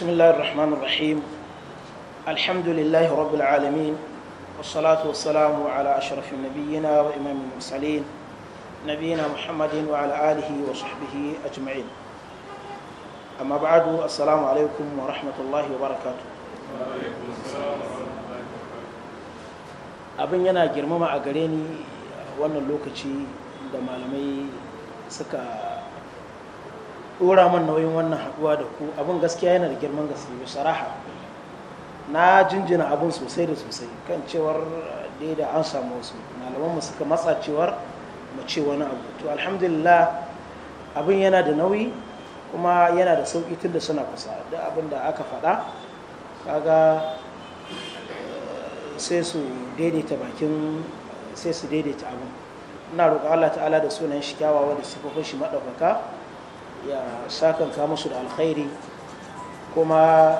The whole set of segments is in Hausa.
بسم الله الرحمن الرحيم الحمد لله رب العالمين والصلاة والسلام على أشرف نبينا وإمام المرسلين نبينا محمد وعلى آله وصحبه أجمعين أما بعد السلام عليكم ورحمة الله وبركاته abin yana girmama a gare ni wannan lokaci da malamai suka dora man nauyin wannan haɗuwa da ku abin gaskiya yana da girman gaske bi saraha na jinjina abin sosai da sosai kan cewar eh, da an samu wasu malaman mu suka matsa cewar mu ce wani abu to alhamdulillah abin yana da nauyi kuma yana da sauki tun da suna kusa da abin da aka faɗa kaga eh, sai su daidaita bakin sai su daidaita abin ina roƙa Allah ta'ala da sunan shi kyawawa da sifofin shi madaukaka ya sakanka musu da alkhairi kuma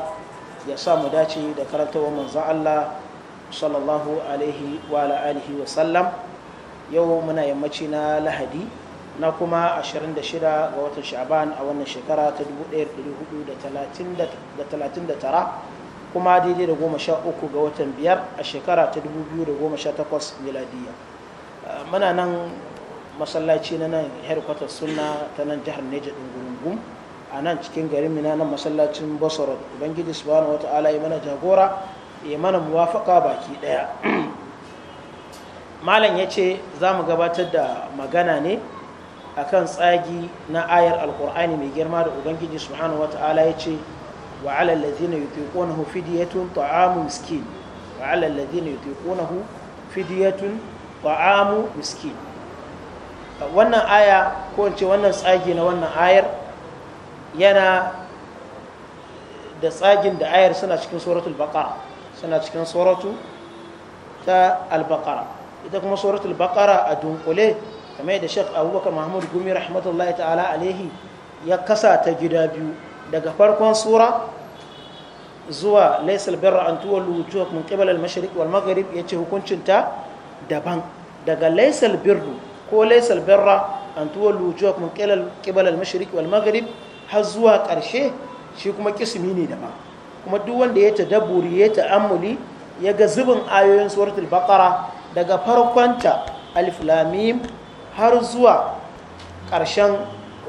ya sa mu dace da karantawa manzon Allah sallallahu alaihi wa alihi wa sallam yau muna yammaci na lahadi na kuma 26 ga watan sha'ban a wannan shekara ta 1439 kuma daidai da 13 ga watan biyar a shekara ta 2018 miladiya muna nan masallaci na nan herkwatar sunna ta nan jihar neja din gurungun a nan cikin garin mina nan masallacin basoro ubangiji subhanahu wata'ala ya mana jagora ya mana muwafaka baki ɗaya malam ya ce za mu gabatar da magana ne akan tsagi na ayar alkur'ani mai girma da ubangiji subhanahu wata'ala ya ce wa ala allazina yutiqunahu fidyatun ta'amu miskin wa ala allazina yutiqunahu fidyatun ta'amu miskin wannan aya ko in ce wannan tsagi na wannan ayar yana da tsagin da ayar suna cikin suratul baqara suna cikin suratu ta al-baqara ita kuma suratul baqara a dunkule kamar da Sheikh Abubakar Mahmud Gumi rahmatullahi ta'ala alaihi ya kasa ta gida biyu daga farkon sura zuwa laisal birra an tuwa wujuhakum qibala al-mashriq wal maghrib yace hukuncin ta daban daga laisal birru ko laysal birra an tuwallu wujuhakum qibala al wal maghrib har zuwa ƙarshe shi kuma kismi ne da ma kuma duk wanda ya tadabburi ya ta'ammuli ya ga zubin ayoyin suratul baqara daga farkonta alif har zuwa ƙarshen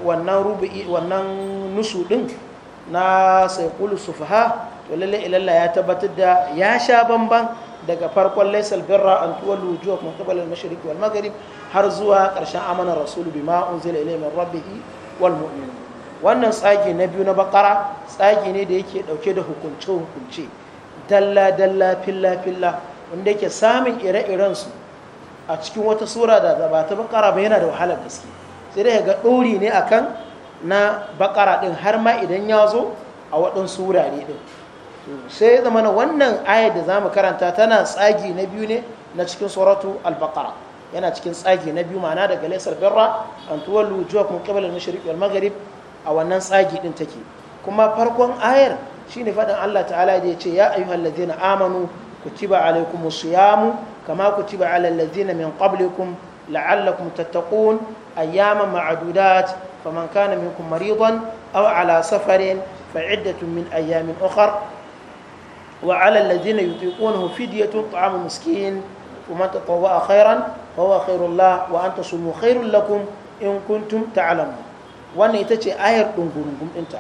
wannan rubu'i wannan nusu din na sayqulu sufaha to lalle ilalla ya tabbatar da ya sha bamban daga farkon laisal birra an tuwon wujuhakum qibala al-mashriq wal maghrib har zuwa karshen amanar rasul bima unzila ilayhi min rabbih wal mu'minun wannan tsagi na biyu na bakara tsagi ne da yake dauke da hukunce hukunce dalla dalla filla filla wanda yake samun ire-iren su a cikin wata sura da ba ta bakara ba yana da wahalar gaske sai dai ga dori ne akan na bakara ɗin har ma idan ya zo a waɗansu wurare din sai ya zama wannan ayar da za mu karanta tana tsagi na biyu ne na cikin suratu al-baqara yana cikin tsagi na biyu ma'ana daga laisar birra an tuwallu wujuhakum qibla al-mashriq wal maghrib a wannan tsagi din take kuma farkon ayar shine faɗin Allah ta'ala da ya ce ya ayyuhallazina amanu kutiba alaykumus siyamu kama kutiba alal ladzina min qablikum la'allakum tattaqun ayyaman ma'dudat faman kana minkum maridan aw ala safarin fa'iddatun min ayyamin ukhra وعلى الذين يطيقونه فدية طعام مسكين ومن تطوع خيرا فهو خير الله وأن تصوموا خير لكم إن كنتم تعلمون وأن يتجي آير دونغونغوم إنت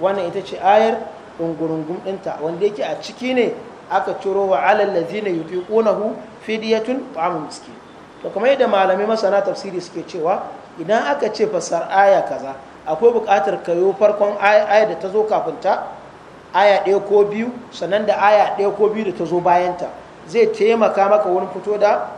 وأن يتجي آير دونغونغوم إنت وأن يتجي أتشكيني aka ciro wa alal ladina yutiqunahu fidyatun ta'am miskin to kuma yadda malami masana tafsiri suke cewa idan aka ce fasar aya kaza akwai buƙatar kayo farkon aya da ta zo kafin ta aya ɗaya ko biyu sannan da aya ɗaya ko biyu da ta zo bayanta zai taimaka maka wurin fito da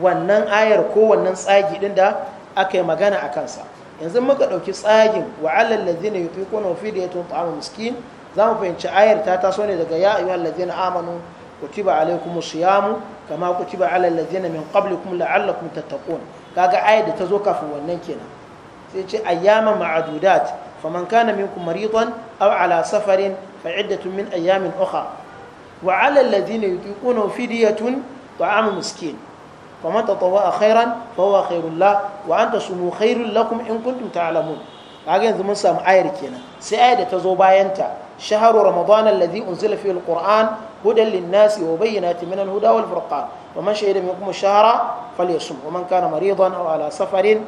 wannan ayar ko wannan tsagi ɗin da aka yi magana a kansa yanzu muka ɗauki tsagin wa alal ladzina da fi diyatun ta'amu miskin za mu fahimci ayar ta taso ne daga ya ayyuhal na amanu ku ci kutiba alaikumus siyamu kama ba alal na min allah la'allakum tattaqun kaga ayar da ta zo kafin wannan kenan sai ce ayyama ma'adudat فمن كان منكم مريضا أو على سفر فعدة من أيام أخرى وعلى الذين يطيقونه فدية طعام مسكين فمن تطوع خيرا فهو خير له وأن تصوموا خير لكم إن كنتم تعلمون لكن ثم سام أيركينا سأيد تزوباينتا شهر رمضان الذي أنزل فيه القرآن هدى للناس وبينات من الهدى والفرقان ومن شهد منكم الشهر فليصم ومن كان مريضا أو على سفر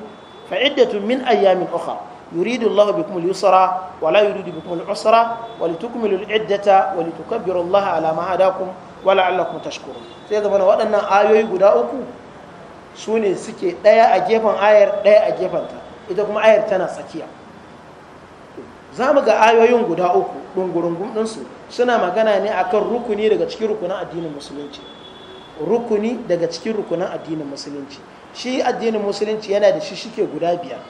فعدة من أيام أخرى يريد الله بكم اليسر ولا يريد بكم العسر ولتكملوا العدة ولتكبروا الله على ما هداكم ولعلكم تشكرون sai ga mana waɗannan ayoyi guda uku su ne suke ɗaya a gefen ayar ɗaya a gefenta ita kuma ayar tana tsakiya za mu ga ayoyin guda uku ɗungurungun ɗinsu suna magana ne akan rukuni daga cikin rukunan addinin musulunci rukuni daga cikin rukunan addinin musulunci shi addinin musulunci yana da shi shike guda biyar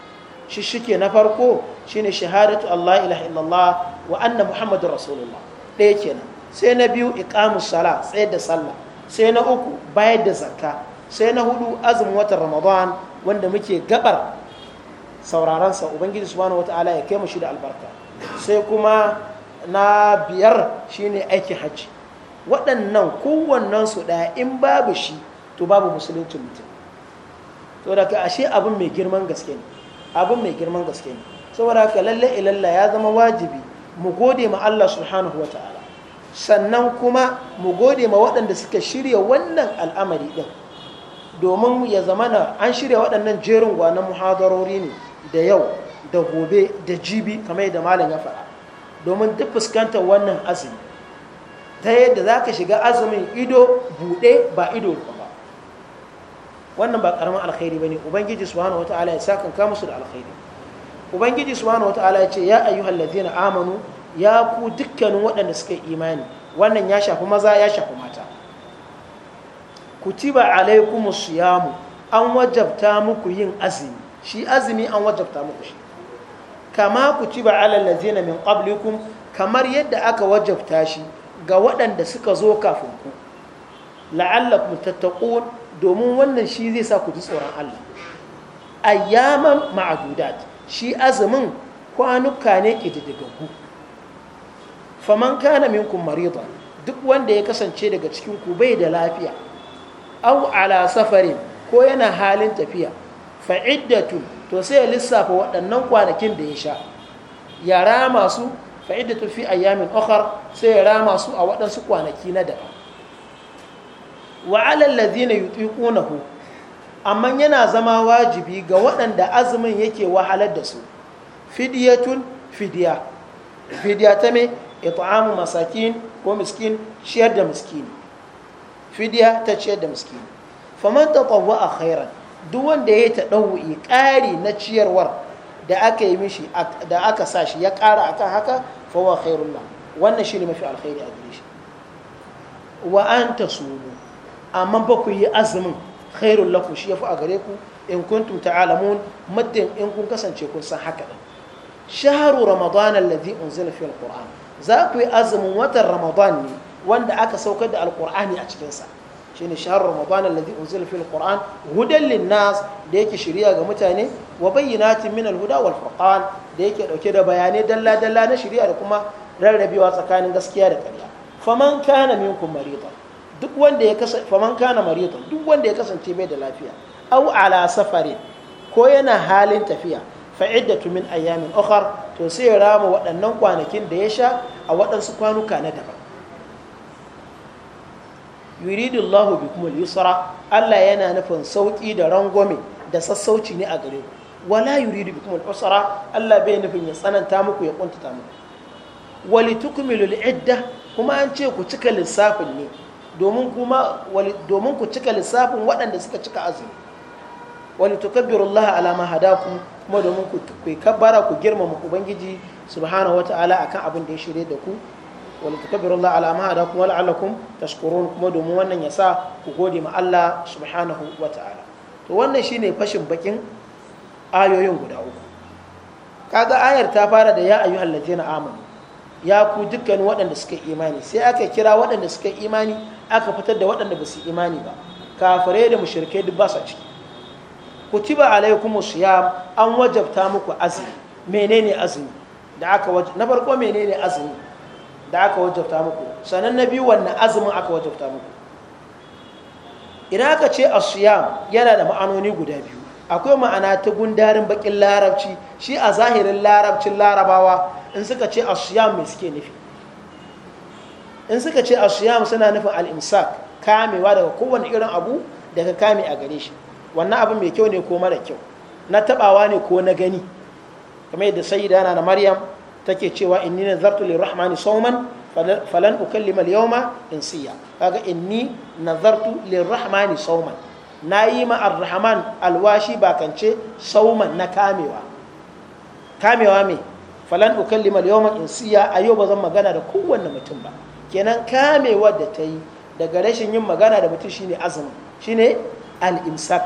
shike na farko shine shahadatu Allah ilaha illallah wa anna muhammadur rasulullah ɗaya kenan sai na biyu iqamus sala tsayar da sallah sai na uku bayar da zakka sai na hudu azumin watan ramadan wanda muke gabar sauraron sa ubangiji subhanahu wataala ya kai mu shi da albarka sai kuma na biyar shine aikin hajji waɗannan kowannen su ɗaya in babu shi to babu musulunci mutum to daga ashe abin mai girman gaske ne abin mai girman gaske ne saboda haka lalle ilalla ya zama wajibi mu gode ma Allah subhanahu wa ta'ala sannan kuma mu gode ma waɗanda suka shirya wannan al'amari ɗin domin ya zama na an shirya waɗannan jerin gwanon muhadarori ne da yau da gobe da jibi kamar da malam ya faɗa domin duk fuskantar wannan azumi ta yadda za ka shiga azumin ido buɗe ba ido ba wannan ba karamin alkhairi bane ubangiji subhanahu wataala ya sa ka musu da alkhairi ubangiji subhanahu wataala ya ce ya ayyuhallazina amanu ya ku dukkanin waɗanda suka imani wannan ya shafi maza ya shafi mata kutiba alaikumus siyamu an wajabta muku yin azumi shi azumi an wajabta muku shi kama kutiba alal ladzina min qablikum kamar yadda aka wajabta shi ga waɗanda suka zo kafin ku la'allakum tattaqun domin wannan shi zai sa ku ji tsoron Allah ayyaman ma'adudat shi azumin kwanuka ne ƙididdigaggu faman kana minkum maridan duk wanda ya kasance daga cikin ku bai da lafiya aw ala safarin ko yana halin tafiya fa iddatu to sai ya lissafa waɗannan kwanakin da ya sha ya rama su fa iddatu fi ayyamin ukhra sai ya rama su a waɗansu kwanaki na daban wa alal ladina yutiqunahu amma yana zama wajibi ga waɗanda azumin yake wahalar da su fidiyatun fidiya fidiya ta me it'amu masakin ko miskin ciyar da miskini fidiya ta ciyar da miskini faman khairan duk wanda ya ta ɗau'i ƙari na ciyarwar da aka yi mishi da aka sa shi ya ƙara akan haka fawa khairullah wannan shi ne mafi alkhairi a gare shi wa sumu amma ba ku yi azumin khairun lakushi shi yafi a gare ku in kuntum ta'alamun muddin in kun kasance kun san haka din shahru ramadan alladhi unzila fihi alquran za ku yi azumin watan ramadan ne wanda aka saukar da alqurani a cikin sa shine shahru ramadan alladhi unzila fihi alquran hudan linnas da yake shiriya ga mutane wa bayyinatin min alhuda wal furqan da yake dauke da bayanai dalla dalla na shiriya da kuma rarrabewa tsakanin gaskiya da ƙarya faman kana minkum maridan duk wanda ya kasance faman kana marido duk wanda ya kasance bai da lafiya au ala safarin ko yana halin tafiya fa iddatu min ayyamin ukhar to sai ya rama waɗannan kwanakin da ya sha a waɗansu kwanuka na daban yuridullahu bikum al-yusra Allah yana nufin sauki da rangwame da sassauci ne a gare ku wala yuridu bikum al-usra Allah bai nufin ya tsananta muku ya kuntata muku walitukmilu al-idda kuma an ce ku cika lissafin ne domin kuma domin ku cika lissafin waɗanda suka cika azumi wani tukabbirullaha ala ma hadaku kuma domin ku kabbara ku mu ubangiji subhanahu wata'ala akan abin da ya shirye da ku wani tukabbirullaha ala ma hadaku wa la'allakum tashkurun kuma domin wannan ya sa ku gode ma Allah subhanahu wata'ala to wannan shine fashin bakin ayoyin guda uku kaga ayar ta fara da ya ayyuhallazina amanu ya ku dukkan waɗanda suka imani sai aka kira waɗanda suka imani aka fitar da waɗanda ba su imani ba kafirai da mushrikai duk ba su ciki kutiba alaikum siyam an wajabta muku azumi menene azumi da aka wajabta na farko menene azumi da aka wajabta muku sanan na biyu wannan azumin aka wajabta muku idan aka ce asiyam yana da ma'anoni guda biyu akwai ma'ana ta gundarin bakin larabci shi a zahirin larabcin larabawa in suka ce asiyam mai suke nufi in suka ce asiyam suna nufin alimsak kamewa daga kowane irin abu da ka kame a gare shi wannan abu mai kyau ne ko mara kyau na tabawa ne ko na gani kamar yadda sayyidana na maryam take cewa inni nazartu lirrahmani sauman falan ukallima al in insiya kaga inni nazartu sauman na nayi ma ar alwashi bakance sauman na kamewa kamewa me falan ukallima al-yawma insiya ba bazan magana da kowanne mutum ba kenan kamewar da ta yi daga rashin yin magana da mutum shine azumi shine al-imsak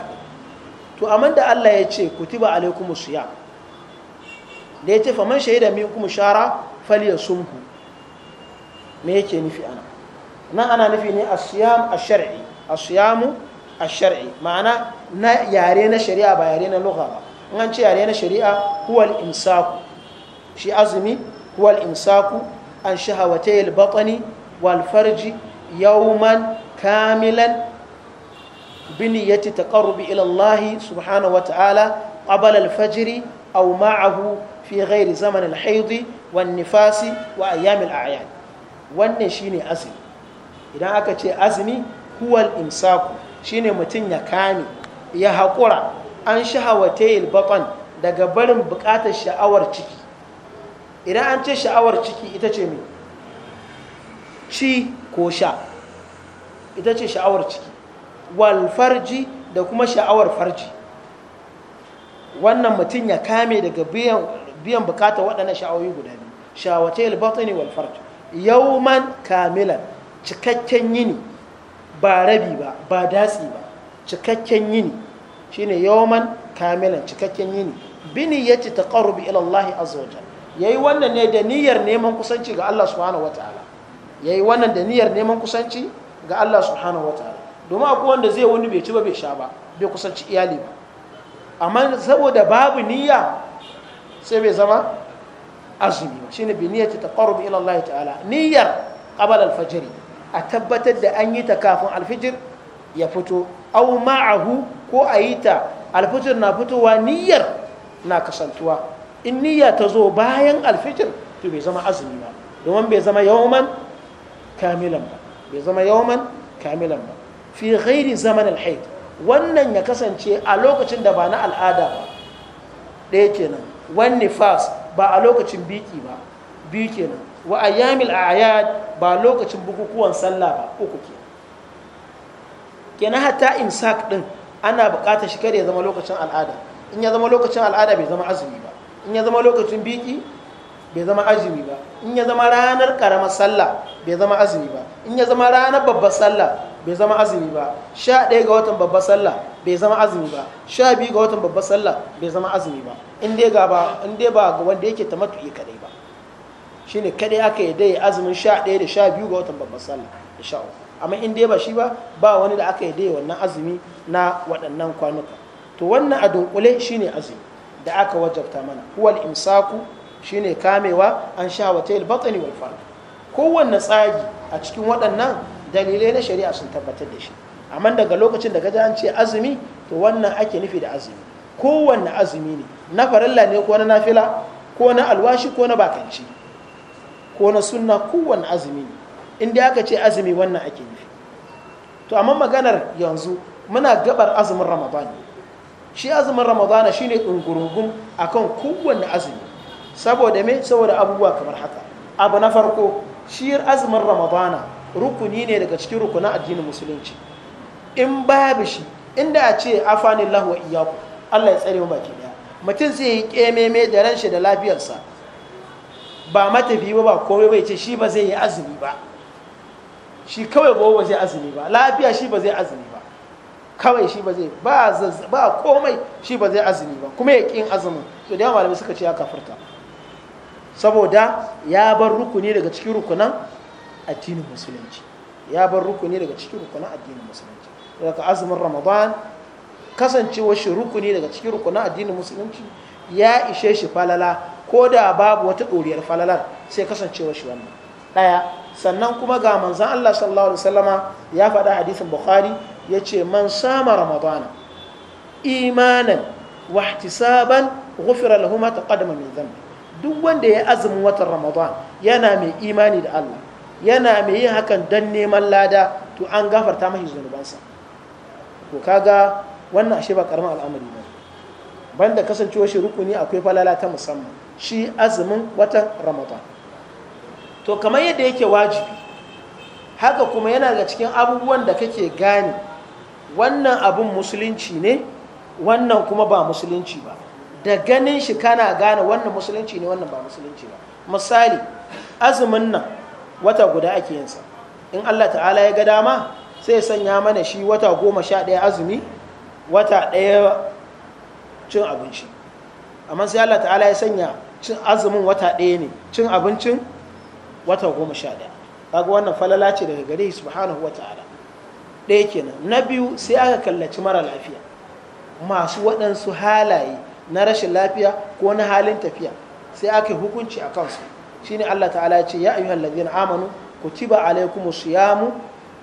to amma da Allah ya ce kutiba alaikumus siyam da ya ce faman shaida minkum shara falyasumhu me yake nufi ana nan ana nufi ne asiyam ash-shar'i asiyamu ash-shar'i ma'ana na yare na shari'a ba yare na lugha ba in an ce yare na shari'a huwal imsaku shi azumi huwal insaku an shahawatayil batani والفرج يوما كاملا بنية تقرب إلى الله سبحانه وتعالى قبل الفجر أو معه في غير زمن الحيض والنفاس وأيام الأعيان azumi idan aka ce azumi shine mutum ya kame ya haƙura an shahawate ilbaƙon daga barin buƙatar sha'awar ciki idan an ce sha'awar ciki ita ce mai ci ko sha ita ce sha'awar ciki wal farji da kuma sha'awar farji wannan mutum ya kame daga biyan bukatar waɗannan sha'awoyi guda biyu shawace albatani wal farji yauman kamilan cikakken yini ba rabi ba ba datsi ba cikakken yini shine yauman kamilan cikakken yini bini ya ci ta ƙarubi ilallahi azza ya yayi wannan ne da niyyar neman kusanci ga Allah subhanahu wataala ya yi wannan da niyyar neman kusanci ga Allah subhanahu wa ta'ala domin akwai wanda zai wani bai ci ba bai sha ba bai kusanci iyali ba amma saboda babu niyya sai bai zama azumi ba shine bi ta taqarrub ila Allah ta'ala niyyar qabla al a tabbatar da an yi ta kafin alfijir ya fito aw ma'ahu ko a yi ta alfijir na fitowa niyyar na kasantuwa in niyya ta zo bayan alfijir to bai zama azumi ba domin bai zama yawman kamilan ba bai zama yawman kamilan ba fi ghairi zaman alhaid wannan ya kasance a lokacin da ba na al'ada ba ɗaya kenan wani fas ba a lokacin biki ba biyu kenan wa ayyamil a'yad ba lokacin bukukuwan sallah ba uku kenan kenan hata imsak din ana buƙatar shi kada ya zama lokacin al'ada in ya zama lokacin al'ada bai zama azumi ba in ya zama lokacin biki bai zama azumi ba in ya zama ranar karamar sallah bai zama azumi ba in ya zama ranar babbar sallah bai zama azumi ba sha ɗaya ga watan babbar sallah bai zama azumi ba sha biyu ga watan babbar sallah bai zama azumi ba in dai ga ba in dai ba ga wanda yake ta matuƙi kaɗai ba shine kaɗai aka yi dai azumin sha ɗaya da sha biyu ga watan babbar sallah da sha uku amma in dai ba shi ba ba wani da aka yi dai wannan azumi na waɗannan kwanuka to wannan a dunkule shine azumi da aka wajabta mana huwal imsaku shine kamewa an sha al-batni wal farj kowanne tsari a cikin waɗannan dalilai na shari'a sun tabbatar da shi amma daga lokacin da gaji an ce azumi to wannan ake nufi da azumi kowanne azumi ne na farilla ne ko na nafila ko na alwashi ko na bakanci ko na sunna kowanne azumi ne inda aka ce azumi wannan ake nufi to amma maganar yanzu muna gabar azumin ramadan shi azumin ramadana shine ɗungurungun akan kowanne azumi saboda me saboda abubuwa kamar haka abu na farko shi azumin ramadana rukuni ne daga cikin rukunan addinin musulunci in babu shi inda a ce afanillahu wa iyaku, Allah ya tsare mu baki daya mutum zai yi kememe da ran shi da lafiyarsa ba matafi ba ba komai bai ce shi ba zai yi azumi ba shi kawai ba ba zai azumi ba lafiya shi ba zai azumi ba kawai shi ba zai ba komai shi ba zai azumi ba kuma ya ƙin azumin to da yawa malamai suka ce ya kafurta saboda ya bar rukuni daga cikin rukunan addinin musulunci ya bar rukuni daga cikin rukunan addinin musulunci daga azumin ramadan kasancewar shi rukuni daga cikin rukunan addinin musulunci ya ishe shi falala ko da babu wata ɗoriyar falalar sai kasancewar shi wannan ɗaya sannan kuma ga manzan Allah sallallahu alaihi wasallama ya faɗa hadisin bukhari ya ce man sama ramadana imanan wahtisaban ghufira lahu ma taqaddama min dhanbi duk wanda ya azumin watan ramadan yana mai imani da Allah yana mai yin hakan don neman lada to an gafarta mahi zunubansa to kaga wannan ashe ba karamin al'amari ba banda kasancewar shi rukuni akwai falala ta musamman shi azumin watan ramadan to kamar yadda yake wajibi haka kuma yana daga cikin abubuwan da kake gane wannan abun musulunci ne wannan kuma ba musulunci ba da ganin shi kana gane wannan musulunci ne wannan ba musulunci ba misali azumin nan wata guda ake yinsa in allah ta'ala ya ga dama sai sanya mana shi wata goma sha ɗaya azumi wata ɗaya cin abinci amma sai allah ta'ala ya sanya cin azumin wata ɗaya ne cin abincin wata goma sha ɗaya kaga wannan falala ce daga gare subhanahu wa ta'ala ɗaya kenan na biyu sai aka kallaci mara lafiya masu waɗansu halaye na rashin lafiya ko na halin tafiya sai aka yi hukunci a kansu shine Allah ta'ala ya ce ya ayyuhal ladina amanu kutiba alaikumus mu,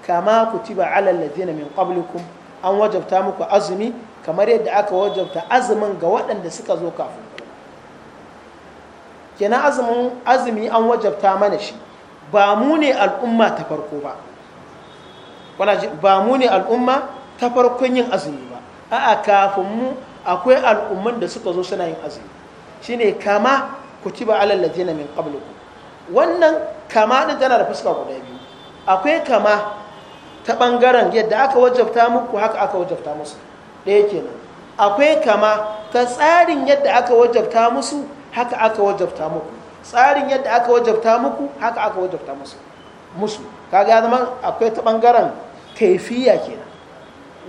kama kutiba alal ladina min qablikum an wajabta muku azumi kamar yadda aka wajabta azumin ga waɗanda suka zo kafin kenan azumin azumi an wajabta mana shi ba mu ne al'umma ta farko ba ba mu ne al'umma ta farkon yin azumi ba a'a kafin mu akwai al'umman da suka zo suna yin azumi shine kama kutiba alal ladina min qablikum wannan kama din tana da fuska guda biyu akwai kama ta bangaren yadda aka wajabta muku haka aka wajabta musu ɗaya kenan akwai kama ta tsarin yadda aka wajabta musu haka aka wajabta muku tsarin yadda aka wajabta muku haka aka wajabta musu musu kaga zama akwai ta ɓangaren kaifiya kenan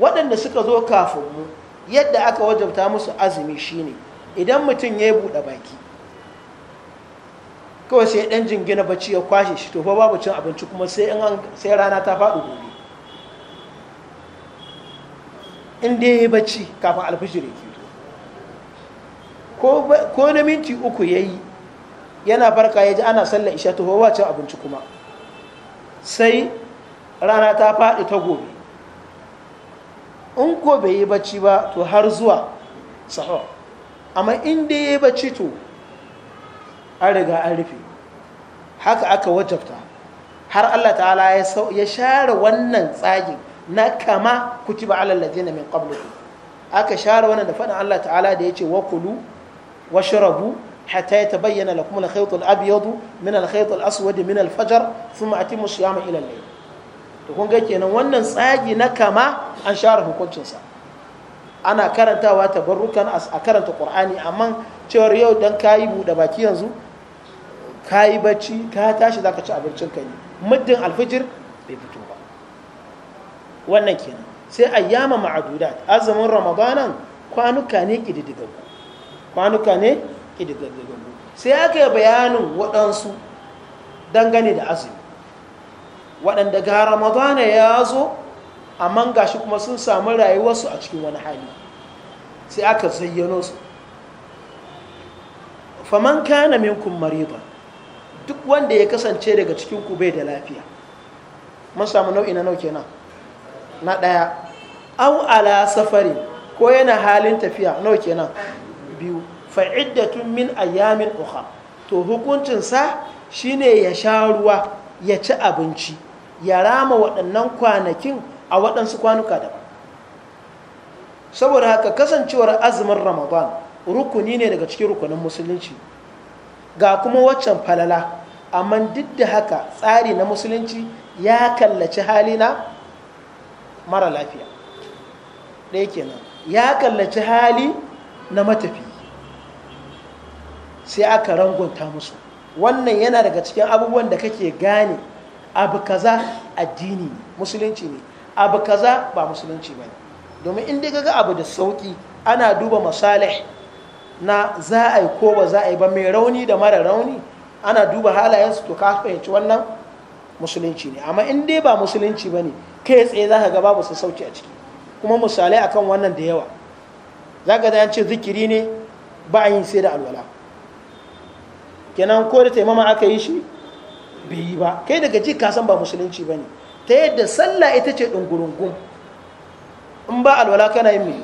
waɗanda suka zo kafin mu yadda aka wajabta musu azumi shine idan mutum ya yi buɗe baki kawai sai ɗan jingina bacci ya kwashe shi tofa babu cin abinci kuma sai rana ta faɗi gobe in dai ya yi bacci kafin alfijir ya to ko na minti uku ya yi yana farka ya ji ana sallar isha tofa fa cin abinci kuma sai rana ta faɗi ta gobe in ko bai yi bacci ba to har zuwa sahur amma in dai yi bacci to an riga an rufe haka aka wajabta har Allah ta'ala ya share wannan tsagin na kama kutiba alal ladina min qablikum aka share wannan da faɗin Allah ta'ala da yace wa kulu washrabu حتى يتبين لكم الخيط الأبيض من الخيط الأسود من الفجر ثم أتموا الصيام إلى الليل to kun ga kenan wannan tsagi na kama an share hukuncinsa ana karantawa tabarrukan a karanta qur'ani amma cewar yau dan kayi buɗe baki yanzu kayi bacci ka tashi zaka ci abincin ka ne muddin alfijir bai fito ba wannan kenan sai ayyama ma'adudat azumin ramadanan kwanuka ne kididigan kwanuka ne kididigan sai aka yi bayanin waɗansu dangane da azumi waɗanda ga ramadana ya zo amma gashi kuma sun samu rayuwarsu a cikin wani hali sai aka zayyano su faman kana minkum marida duk wanda ya kasance daga cikin ku bai da lafiya mun samu nau'i na nauke na na ɗaya au ala safari ko yana halin tafiya nauke na biyu fa'iddatun min ayyamin uka. to hukuncinsa shine ya sha ruwa ya ci abinci ya rama waɗannan kwanakin a waɗansu kwanuka daban saboda haka kasancewar azumin ramadan rukuni ne daga cikin rukunin musulunci ga kuma waccan falala amma duk da haka tsari na musulunci ya kallaci halina mara lafiya ɗaya kenan ya kallaci hali na matafi sai aka rangunta musu wannan yana daga cikin abubuwan da kake gane abu kaza addini musulunci ne abu kaza ba musulunci ba ne domin in dai ga abu da sauki ana duba masalih na za a yi ko ba za a yi ba mai rauni da mara rauni ana duba halayensu to ka fahimci wannan musulunci ne amma in dai ba musulunci ba ne kai tsaye za ka ga babu sauki a ciki kuma misalai akan wannan da yawa za ka ce zikiri ne ba a yin sai da alwala kenan ko da taimama aka yi shi bai yi ba kai daga ji ka san ba musulunci ba ne ta yadda sallah ita ce ɗungurungun in ba alwala kana yin mai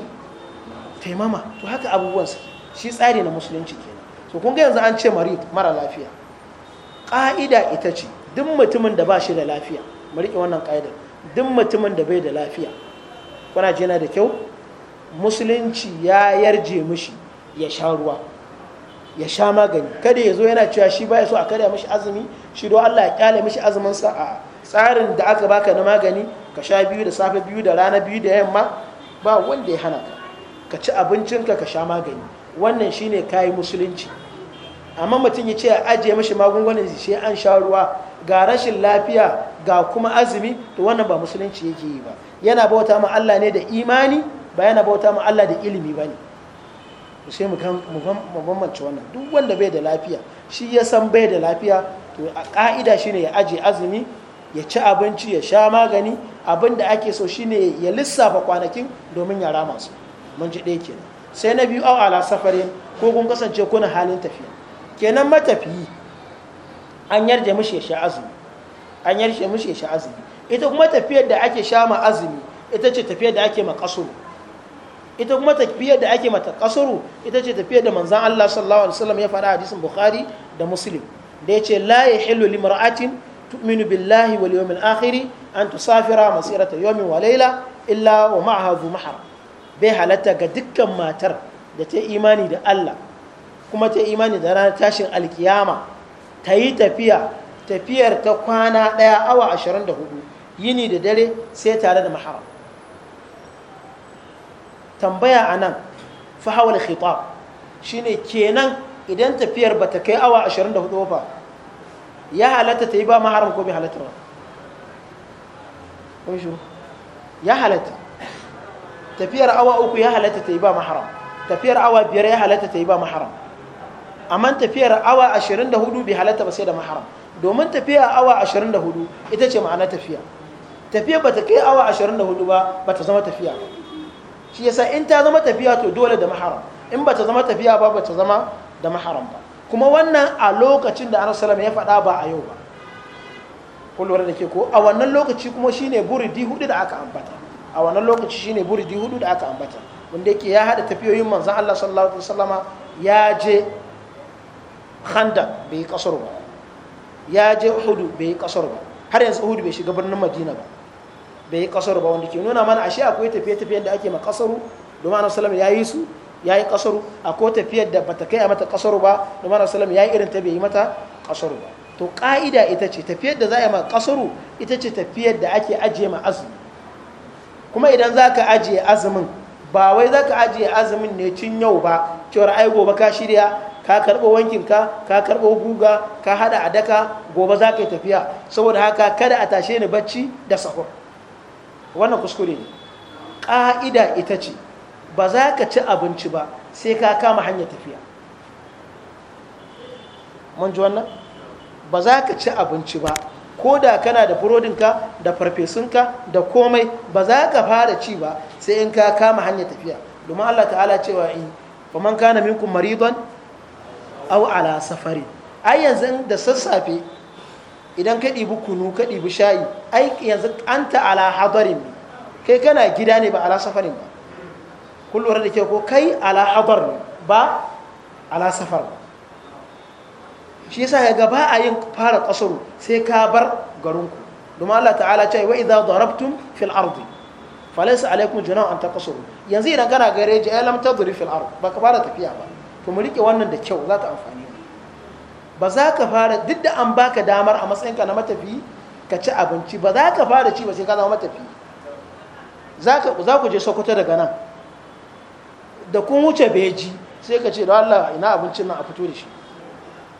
taimama to haka abubuwan su shi tsari na musulunci kenan so kun ga yanzu an ce mari mara lafiya ƙa'ida ita ce duk mutumin da ba shi da lafiya mu riƙe wannan ƙa'idar duk mutumin da bai da lafiya kuna jina da kyau musulunci ya yarje mishi ya sha ruwa ya sha magani kada ya zo yana cewa shi baya so a karya mashi azumi shi don Allah ya kyale mashi azumin sa a tsarin da aka baka na magani ka sha biyu da safe biyu da rana biyu da yamma ba wanda ya hana ka ka ci abincin ka ka sha magani wannan shine kayi musulunci amma mutum ya ce a ajiye mashi magungunan sai an sha ruwa ga rashin lafiya ga kuma azumi to wannan ba musulunci yake yi ba yana bauta ma Allah ne da imani ba yana bauta ma Allah da ilimi ba ne sai mu bambance wannan duk wanda bai da lafiya shi ya san bai da lafiya to a ka'ida shine ya aje azumi ya ci abinci ya sha magani abin da ake so shine ya lissafa kwanakin domin ya rama su mun ji ɗaya kenan sai na biyu au ala safarin ko kun kasance kuna halin tafiya kenan matafiyi an yarje mishi ya sha azumi an yarje mishi ya sha azumi ita kuma tafiyar da ake sha ma azumi ita ce tafiyar da ake ma kasuru ita kuma tafiyar da ake mata kasuru ita ce tafiyar da manzan Allah sallallahu alaihi wasallam ya faɗa hadisin Bukhari da Muslim da yace la yahillu limra'atin tu'minu billahi wal yawmil akhir an tusafira masirata yawmin wa layla illa wa ma'aha dhu mahram bai halatta ga dukkan matar da ta imani da Allah kuma ta imani da ranar tashin alkiyama ta yi tafiya tafiyar ta kwana ɗaya awa 24 yini da dare sai tare da mahram tambaya a nan fa hawal khitab shine kenan idan tafiyar ba ta kai awa 24 ba ya halatta ta yi ba maharam ko bai halatta ba ya halatta tafiyar awa uku ya halatta ta yi ba maharam tafiyar awa biyar ya halatta ta yi ba maharam amma tafiyar awa 24 bai halatta ba sai da maharam domin tafiya awa 24 ita ce ma'ana tafiya tafiya ba ta kai awa 24 ba ba ta zama tafiya ba shi yasa in ta zama tafiya to dole da maharam in ba ta zama tafiya ba ba ta zama da maharam ba kuma wannan a lokacin da annabi sallallahu ya faɗa ba a yau ba kun lura da ke ko a wannan lokaci kuma shine buridi hudu da aka ambata a wannan lokaci shine buridi hudu da aka ambata wanda yake ya hada tafiyoyin manzon Allah sallallahu alaihi wasallama ya je Khandaq bai kasar ba ya je Uhud bai kasar ba har yanzu Uhud bai shiga birnin Madina ba bai yi kasaru ba wanda ke nuna mana ashe akwai tafiye-tafiyen da ake ma kasaru domin annabi sallallahu ya yi su ya yi kasaru akwai tafiyar da bata kai a mata kasaru ba domin annabi sallallahu ya yi irin ta bai yi mata kasaru ba to ka'ida ita ce tafiyar da za a yi ma kasaru ita ce tafiyar da ake ajiye ma azumi kuma idan za ka ajiye azumin ba wai za ka ajiye azumin ne cin yau ba cewar ai gobe ka shirya ka karɓo wankin ka ka karɓo guga ka hada a daka gobe za ka yi tafiya saboda haka kada a tashe ni bacci da sahur wannan kuskure ne ƙa'ida ita ce ba za ka ci abinci ba sai ka kama hanyar tafiya mun ji wannan ba za ka ci abinci ba ko da kana da burodinka da farfesunka da komai ba za ka fara ci ba sai in ka kama hanyar tafiya domin Allah ta'ala cewa in ba man kana minkum maridon au ala safari ai yanzu da sassafe idan ka ɗibi kunu ka ɗibi shayi ai yanzu an ala hadarin ne kai kana gida ne ba ala safarin ba kun da ke ko kai ala hadar ne ba ala safar ba shi yasa ya gaba a yin fara kasaru sai ka bar garinku domin Allah ta'ala ce wa idza darabtum fil ardi falaysa alaykum junah an taqsuru yanzu idan kana gareji ya ai lam tadri fil ard ba ka fara tafiya ba to mu rike wannan da kyau za ta amfani ba za ka fara duk da an baka damar a matsayinka na matafi ka ci abinci ba za ka fara ci ba sai ka zama matafi za ku je sokoto daga nan da kun wuce beji sai ka ce da Allah ina abincin nan a fito da shi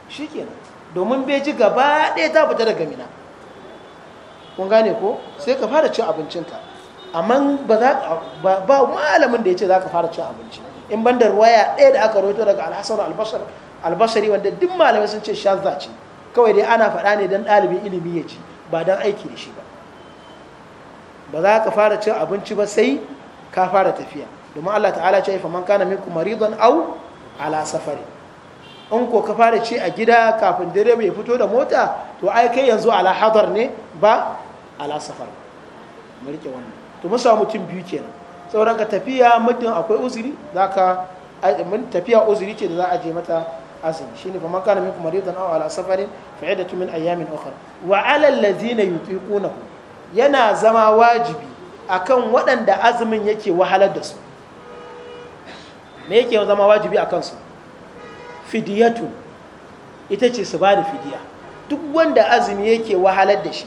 shi kenan domin beji gaba ɗaya ta fita daga mina kun gane ko sai ka fara cin abincinka amma ba malamin da ya ce za ka fara cin abinci in ban da ruwaya ɗaya da aka roto daga alhassan albashar albasari wanda duk malamai sun ce shazza ce kawai dai ana faɗa ne don ɗalibi ilimi ya ci ba don aiki da shi ba ba za ka fara cin abinci ba sai ka fara tafiya domin Allah ta'ala ce fa man kana minku maridon au ala safari in ko ka fara ci a gida kafin dare ya fito da mota to ai kai yanzu ala hadar ne ba ala safar mu rike wannan to mun mutum biyu kenan sauran ka tafiya mutum akwai uzuri ka tafiya uzuri ce da za a je mata azumi shine fa man kana minkum maridan aw ala safarin fa iddatu min ayamin ukhra wa ala alladhina yutiqunahu yana zama wajibi akan waɗanda azumin yake wahalar da su me yake zama wajibi akan su fidiyatu ita ce su bada fidiya duk wanda azumi yake wahalar da shi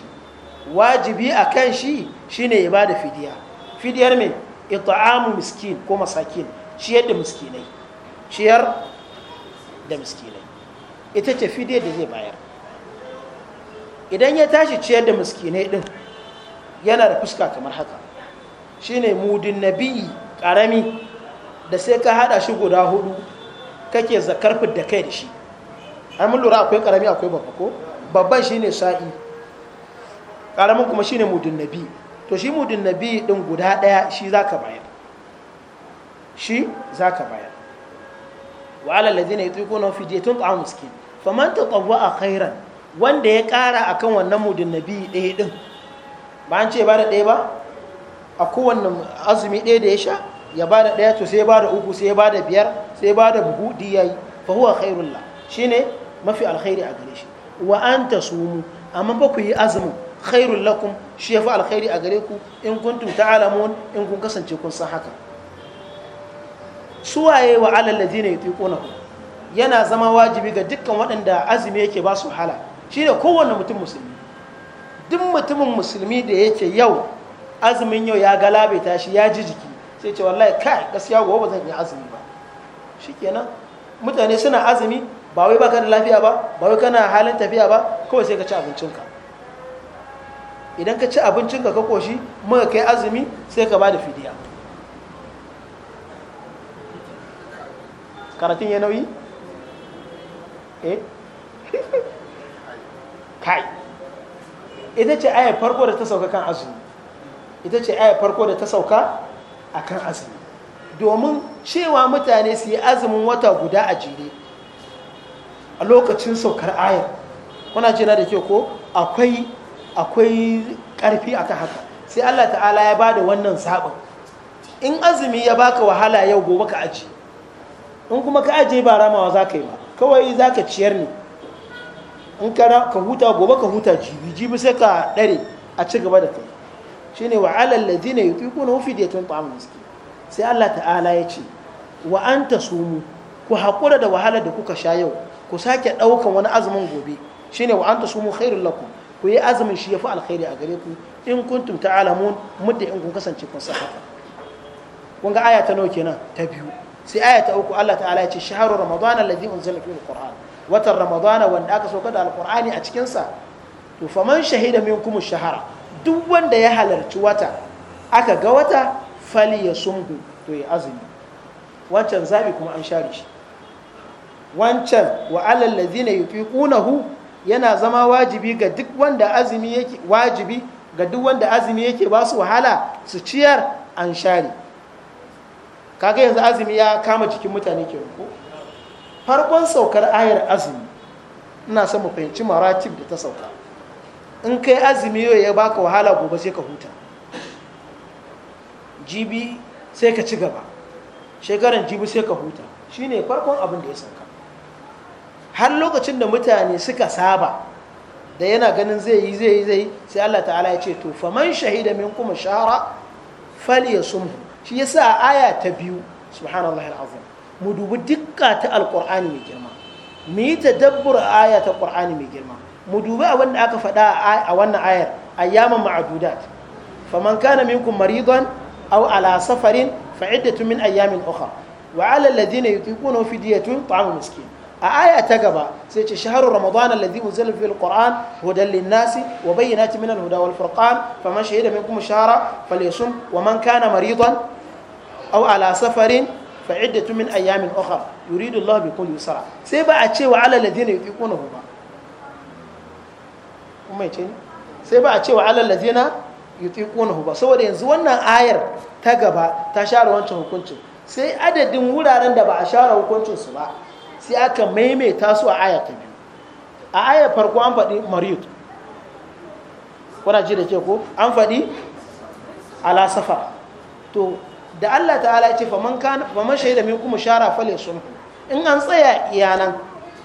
wajibi akan shi shine ya bada fidiya fidiyar me it'amu miskin ko masakin ciyar da miskinai ciyar da miskinai ita ce fide da zai bayar idan ya tashi ciyar da miskinai din yana da fuska kamar haka shine mudin nabi karami da sai ka hada shi guda hudu kake zakar da kai da shi an mun lura akwai karami akwai babba ko babban shine sa'i karamin kuma shine mudin nabi to shi mudin nabi din guda daya shi zaka bayar shi zaka bayar wa ala alladhina yutiquna fidyatun ta'am miskin faman tatawwa khairan wanda ya kara akan wannan mudin nabi ɗaya din ba an ce ba da ɗaya ba a kowanne azumi dai da ya sha ya ba da ɗaya to sai ba da uku sai ba da biyar sai ba da buhu diyayi fa huwa khairul la shine mafi alkhairi a gare shi wa an tasumu amma ba ku yi azumin khairul lakum shi ya fa alkhairi a gare ku in kuntum ta'lamun in kun kasance kun san haka suwaye wa ya ladina yutiqunahu yana zama wajibi ga dukkan waɗanda azumi yake ba su hala da kowane mutum musulmi duk mutumin musulmi da yake yau azumin yau ya galabe ta shi ya ji jiki sai ce wallahi kai gaskiya gobe ba zan yi azumi ba kenan mutane suna azumi ba wai baka da lafiya ba ba wai kana halin tafiya ba kawai sai ka ci abincinka idan ka ci abincinka ka koshi muka kai azumi sai ka ba da fidiya karatun ya nauyi eh kai ita ce ayar farko da ta sauka kan azumi ita ce ayar farko da ta sauka a kan azumi domin cewa mutane su yi azumin wata guda a jere a lokacin saukar ayar kuna jina da ke ko akwai akwai karfi ta haka sai Allah ta'ala ya ba da wannan sabon in azumi ya baka wahala yau gobe ka aji in kuma ka ajiye ba ramawa za ka yi ba kawai za ka ciyar ne in ka huta gobe ka huta jibi jibi sai ka dare a ci gaba da kai shi ne wa alal ladina yutiquna hu fidyatun ta'am miskin sai Allah ta'ala ya ce wa anta sumu ku haƙura da wahalar da kuka sha yau ku sake ɗaukan wani azumin gobe shine wa anta sumu khairul lakum ku yi azumin shi fi alkhairi a gare ku in kuntum ta'alamun muddin in kun kasance kun sa haka kun ga aya ta nawa kenan ta biyu sai aya ta uku Allah ta'ala ya ce shaharu ramadan alladhi unzila fihi alquran watan ramadana wanda aka sauka da alqurani a cikin sa to faman shahida minkum shahara duk wanda ya halarci wata aka ga wata fali ya sumdu to ya azumi wancan zabi kuma an share shi wancan wa alal ladhina yutiqunahu yana zama wajibi ga duk wanda azumi yake wajibi ga duk wanda azumi yake ba su wahala su ciyar an share kaga yanzu azumi ya kama jikin mutane ke ko farkon saukar ayar azumi ina son mu fahimci maratib da ta sauka in kai azumi yau ya baka wahala gobe sai ka huta jibi sai ka ci gaba shekaran jibi sai ka huta shine farkon abin da ya sauka har lokacin da mutane suka saba da yana ganin zai yi zai yi zai sai Allah ta'ala ya ce to faman shahida min kuma shahara fal yasumhu shi yasa a aya ta biyu subhanallahi alazim mu dubi dukka ta alqur'ani mai girma mu yi tadabbur aya ta qur'ani mai girma mu dubi abin da aka faɗa a wannan ayar ayyaman ma'adudat faman kana minkum maridan aw ala safarin fa iddatun min ayyamin ukhra wa ala alladhina yutiquna fidyatun ta'amu miskin a aya ta gaba sai ce shaharu ramadan alladhi unzila fihi alquran hudan linnasi wa bayyinatin min alhuda wal furqan faman shahida minkum shahra falyasum wa man kana maridan aw ala safarin fa iddatu min ayamin ukhra yuridu allah bikum yusra sai ba a ce wa ala alladhina yuqiquna ba kuma ce sai ba a ce wa ala alladhina yutiquna ba saboda yanzu wannan ayar ta gaba ta share wancan hukuncin sai adadin wuraren da ba a share hukuncin su ba sai aka maimaita su a aya ta biyu a aya farko an faɗi mariyut kuna ji da ke ko an faɗi ala to da Allah ta'ala ya ce faman kan shaida min kuma shara fale sun in an tsaya iyanan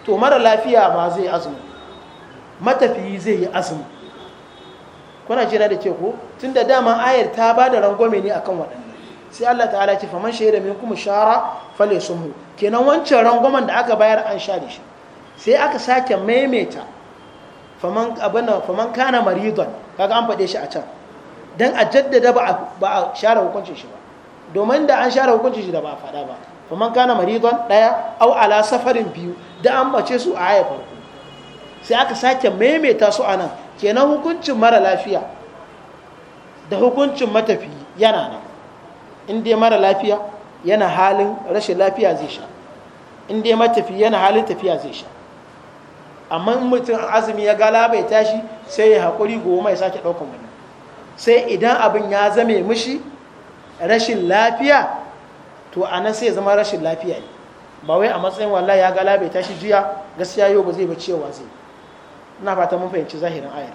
to mara lafiya ma zai azumi matafiyi zai yi azumi kuna jira da ke ko da dama ayar ta ba da rangwame ne a kan waɗannan sai Allah ta'ala ce faman shaida min kuma shara fale sumu kenan wancan rangwamen da aka bayar an sha da shi sai aka sake maimaita faman abana faman kana maridon kaga an faɗe shi a can dan a jaddada ba a share hukuncin shi ba domin da an share hukuncin shi da ba a faɗa ba faman kana maridon ɗaya au ala safarin biyu da an bace su a haya farko sai aka sake maimaita su a nan kenan hukuncin mara lafiya da hukuncin matafi yana nan in dai mara lafiya yana halin rashin lafiya zai sha in dai matafi yana halin tafiya zai sha amma in mutum azumi ya gala bai tashi sai ya haƙuri gobe mai sake ɗaukan wani sai idan abin ya zame mishi rashin lafiya to a nan sai ya zama rashin lafiya ne ba wai a matsayin walla ya gala bai tashi jiya gaskiya yau ba zai ba cewa zai ina fata mun fahimci zahirin ayar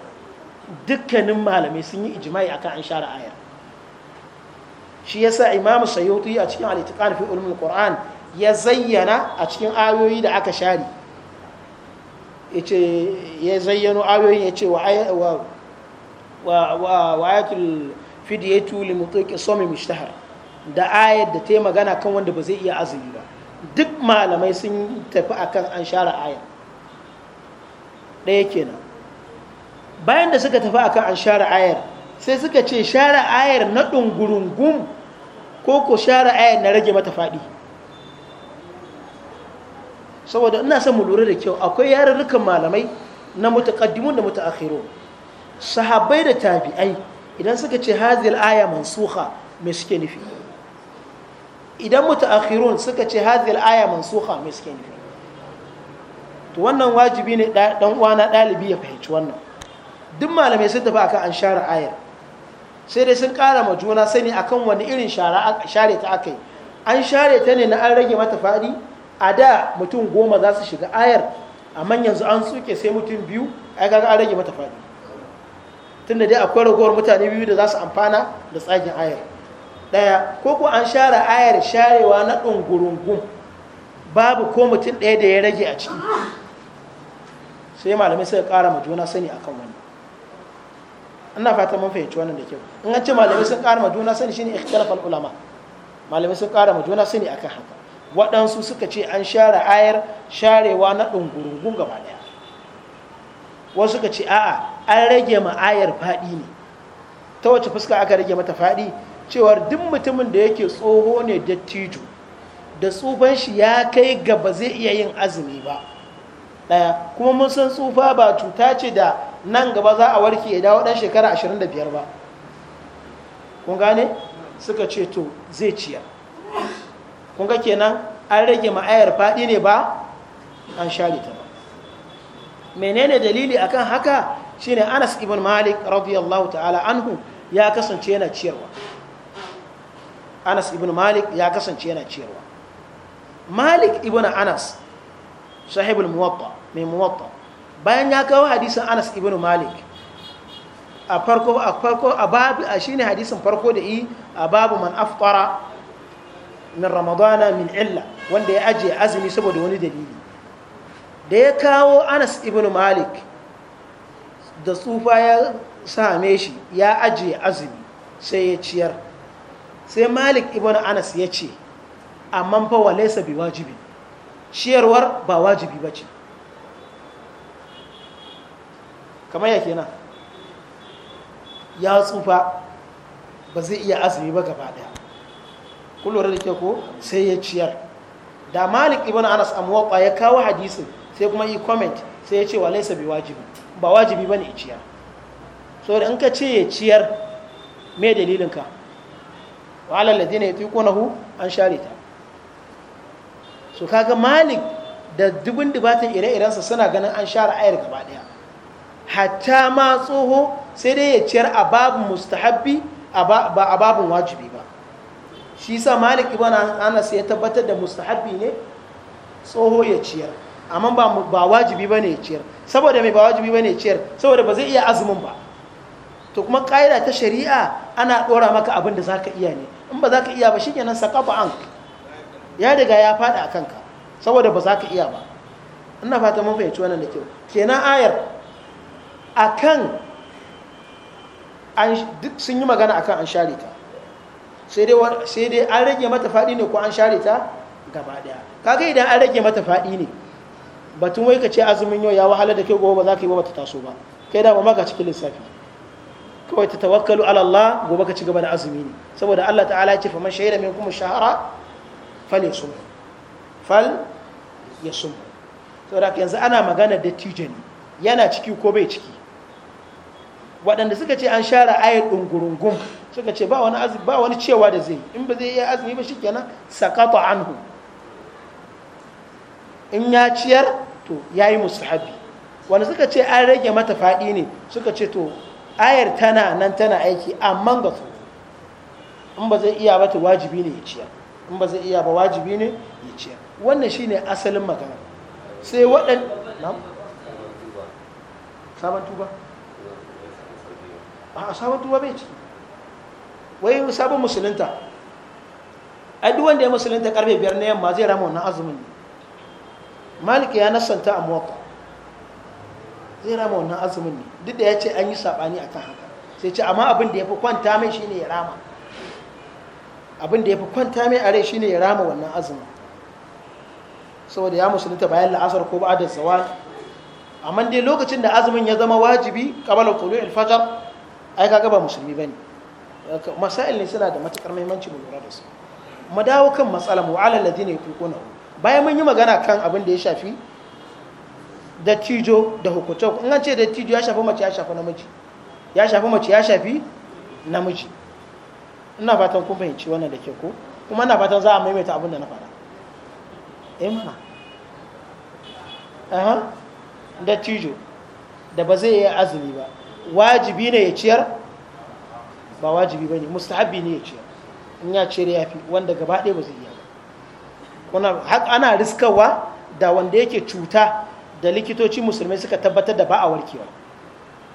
dukkanin malamai sun yi ijma'i akan an share ayar shi yasa imam sayyuti a cikin al-itiqan fi ulumul qur'an ya zayyana a cikin ayoyi da aka share ce ya zayyano ayoyin yace ce wa wa wa ayatul fidyatu li da ayat da ta magana kan wanda ba zai iya azumi ba duk malamai sun tafi akan an share ayat ɗaya kenan bayan da suka tafi akan an share ayar sai suka ce share ayar na ɗungurungun ko ko share ayar na rage mata faɗi saboda ina son mu lura da kyau akwai yarurrukan malamai na mutaqaddimun da mutaakhiru sahabbai da tabi'ai idan suka ce hazil aya mansuha me suke nufi idan mutaakhirun suka ce hazil aya mansuha me suke nufi to wannan wajibi ne dan uwana dalibi ya fahimci wannan duk malamai sun tafi akan an share ayar sai dai sun kara ma juna sani akan wani irin share ta aka yi an share ta ne na an rage mata faɗi a da mutum goma za su shiga ayar amma yanzu an suke sai mutum biyu ai kaga an rage mata faɗi tunda dai akwai ragowar mutane biyu da za su amfana da tsagin ayar ɗaya ko ko an share ayar sharewa na ɗungurungun babu ko mutum ɗaya da ya rage a ciki sai malamai suka ƙara ma juna sani akan wannan ina fata mun fahimci wannan da kyau in an ce malamai sun kara ma juna sani shine ikhtilafal ulama malamai sun kara ma juna sani akan haka waɗansu suka ce an share ayar sharewa na ɗungurungun gaba ɗaya wasu suka ce a'a an rage ma ayar faɗi ne ta wace fuska aka rage mata faɗi cewar duk mutumin da yake tsoho ne dattijo da tsufan shi ya kai ga ba zai iya yin azumi ba ɗaya kuma mun san tsufa ba cuta ce da nan gaba za a warke ya dawo dan shekara 25 ba kun gane suka ce to zai ciya kun ga kenan an rage ma'ayar faɗi ne ba an share ta ba menene dalili akan haka shine Anas ibn Malik radiyallahu ta'ala anhu ya kasance yana ciyarwa Anas ibn Malik ya kasance yana ciyarwa Malik ibn Anas sahibul muwatta mai muwatta bayan ya kawo hadisin anas ibn malik a farko a farko a babu a shine hadisin farko da yi a babu man afkara min ramadana min illa wanda ya ajiye azumi saboda wani dalili da ya kawo anas ibn malik da tsufa ya same shi ya ajiye azumi sai ya ciyar sai malik ibn anas ya ce amma fa wa bi wajibi ciyarwar ba wajibi ba ce kamar ya nan ya tsufa ba zai iya azumi ba gaba daya kullum da ke ko sai ya ciyar da malik ibn anas amwaqa ya kawo hadisin sai kuma yi comment sai ya ce wa laisa bi wajibi ba wajibi bane ciyar so da in ka ce ya ciyar me dalilin ka wa alal ladina yutiqunahu an sharita so kaga malik da dubin dubatan ire-irensa suna ganin an share ayar gaba daya hatta ma tsoho sai dai ya ciyar a babin mustahabbi ba a babin wajibi ba shi sa malik ibn anas ya tabbatar da mustahabbi ne tsoho ya ciyar amma ba wajibi ba ne ya ciyar saboda mai ba wajibi ba ne ya ciyar saboda ba zai iya azumin ba to kuma kaida ta shari'a ana ɗora maka abin da za ka iya ne in ba za ka iya ba shi kenan saƙafa an ya daga ya fada a kanka saboda ba za ka iya ba ina fata mun fahimci wannan da kyau kenan ayar akan duk sun yi magana akan an share ta sai dai an rage mata faɗi ne ko an share ta gaba daya kaga idan an rage mata faɗi ne batun wai ka ce azumin yau ya wahala da kai gobe ba za ka yi ba ta taso ba kai da ba ka cikin lissafi kawai ta tawakkalu ala gobe ka ci gaba da azumi ne saboda Allah ta'ala ya ce fa man shahida kuma shahara fal yasum saboda yanzu ana magana da tijani yana ciki ko bai ciki waɗanda suka ce an share ayat ɗungurungun suka ce ba wani ba wani cewa da zai in ba zai iya azumi ba shi kenan sakata anhu in ya ciyar to ya yi mustahabi wanda suka ce an rage mata faɗi ne suka ce to ayar tana nan tana aiki amma ga su in ba zai iya ba ta wajibi ne ya ciyar in ba zai iya ba wajibi ne ya ciyar wannan shi ne asalin magana sai waɗanda sabon tuba a sabon tuba bai ci. wai sabon musulunta a duk wanda ya musulunta karfe biyar na yamma zai rama wannan azumin ne maliki ya nasanta a muwatta zai rama wannan azumin ne duk da ya ce an yi saɓani kan haka sai ce amma abin da ya fi kwanta mai shine ya rama abin da ya fi kwanta mai a rai shine ya rama wannan azumin saboda ya musulunta bayan la'asar ko ba'adar zawa amma dai lokacin da azumin ya zama wajibi qabala tulu'il fajr ai kaga ba musulmi bane masail ne suna da matukar muhimmanci mu lura da su mu dawo kan matsalar mu alal ladina yutiquna bayan mun yi magana kan abin da ya shafi dattijo da hukunce in an ce dattijo ya shafi mace ya shafi namiji ya shafi mace ya shafi namiji ina fatan kun fahimci wannan da ke ko kuma ina fatan za a maimaita abin da na faɗa eh mana aha tijo da ba zai yi azumi ba wajibi ne ya ciyar ba wajibi ba ne mustahabi ne ya ciyar in ya ciyar ya fi wanda gaba ɗaya ba zai iya ba ana riskarwa da wanda yake cuta da likitoci musulmai suka tabbatar da ba a warkewa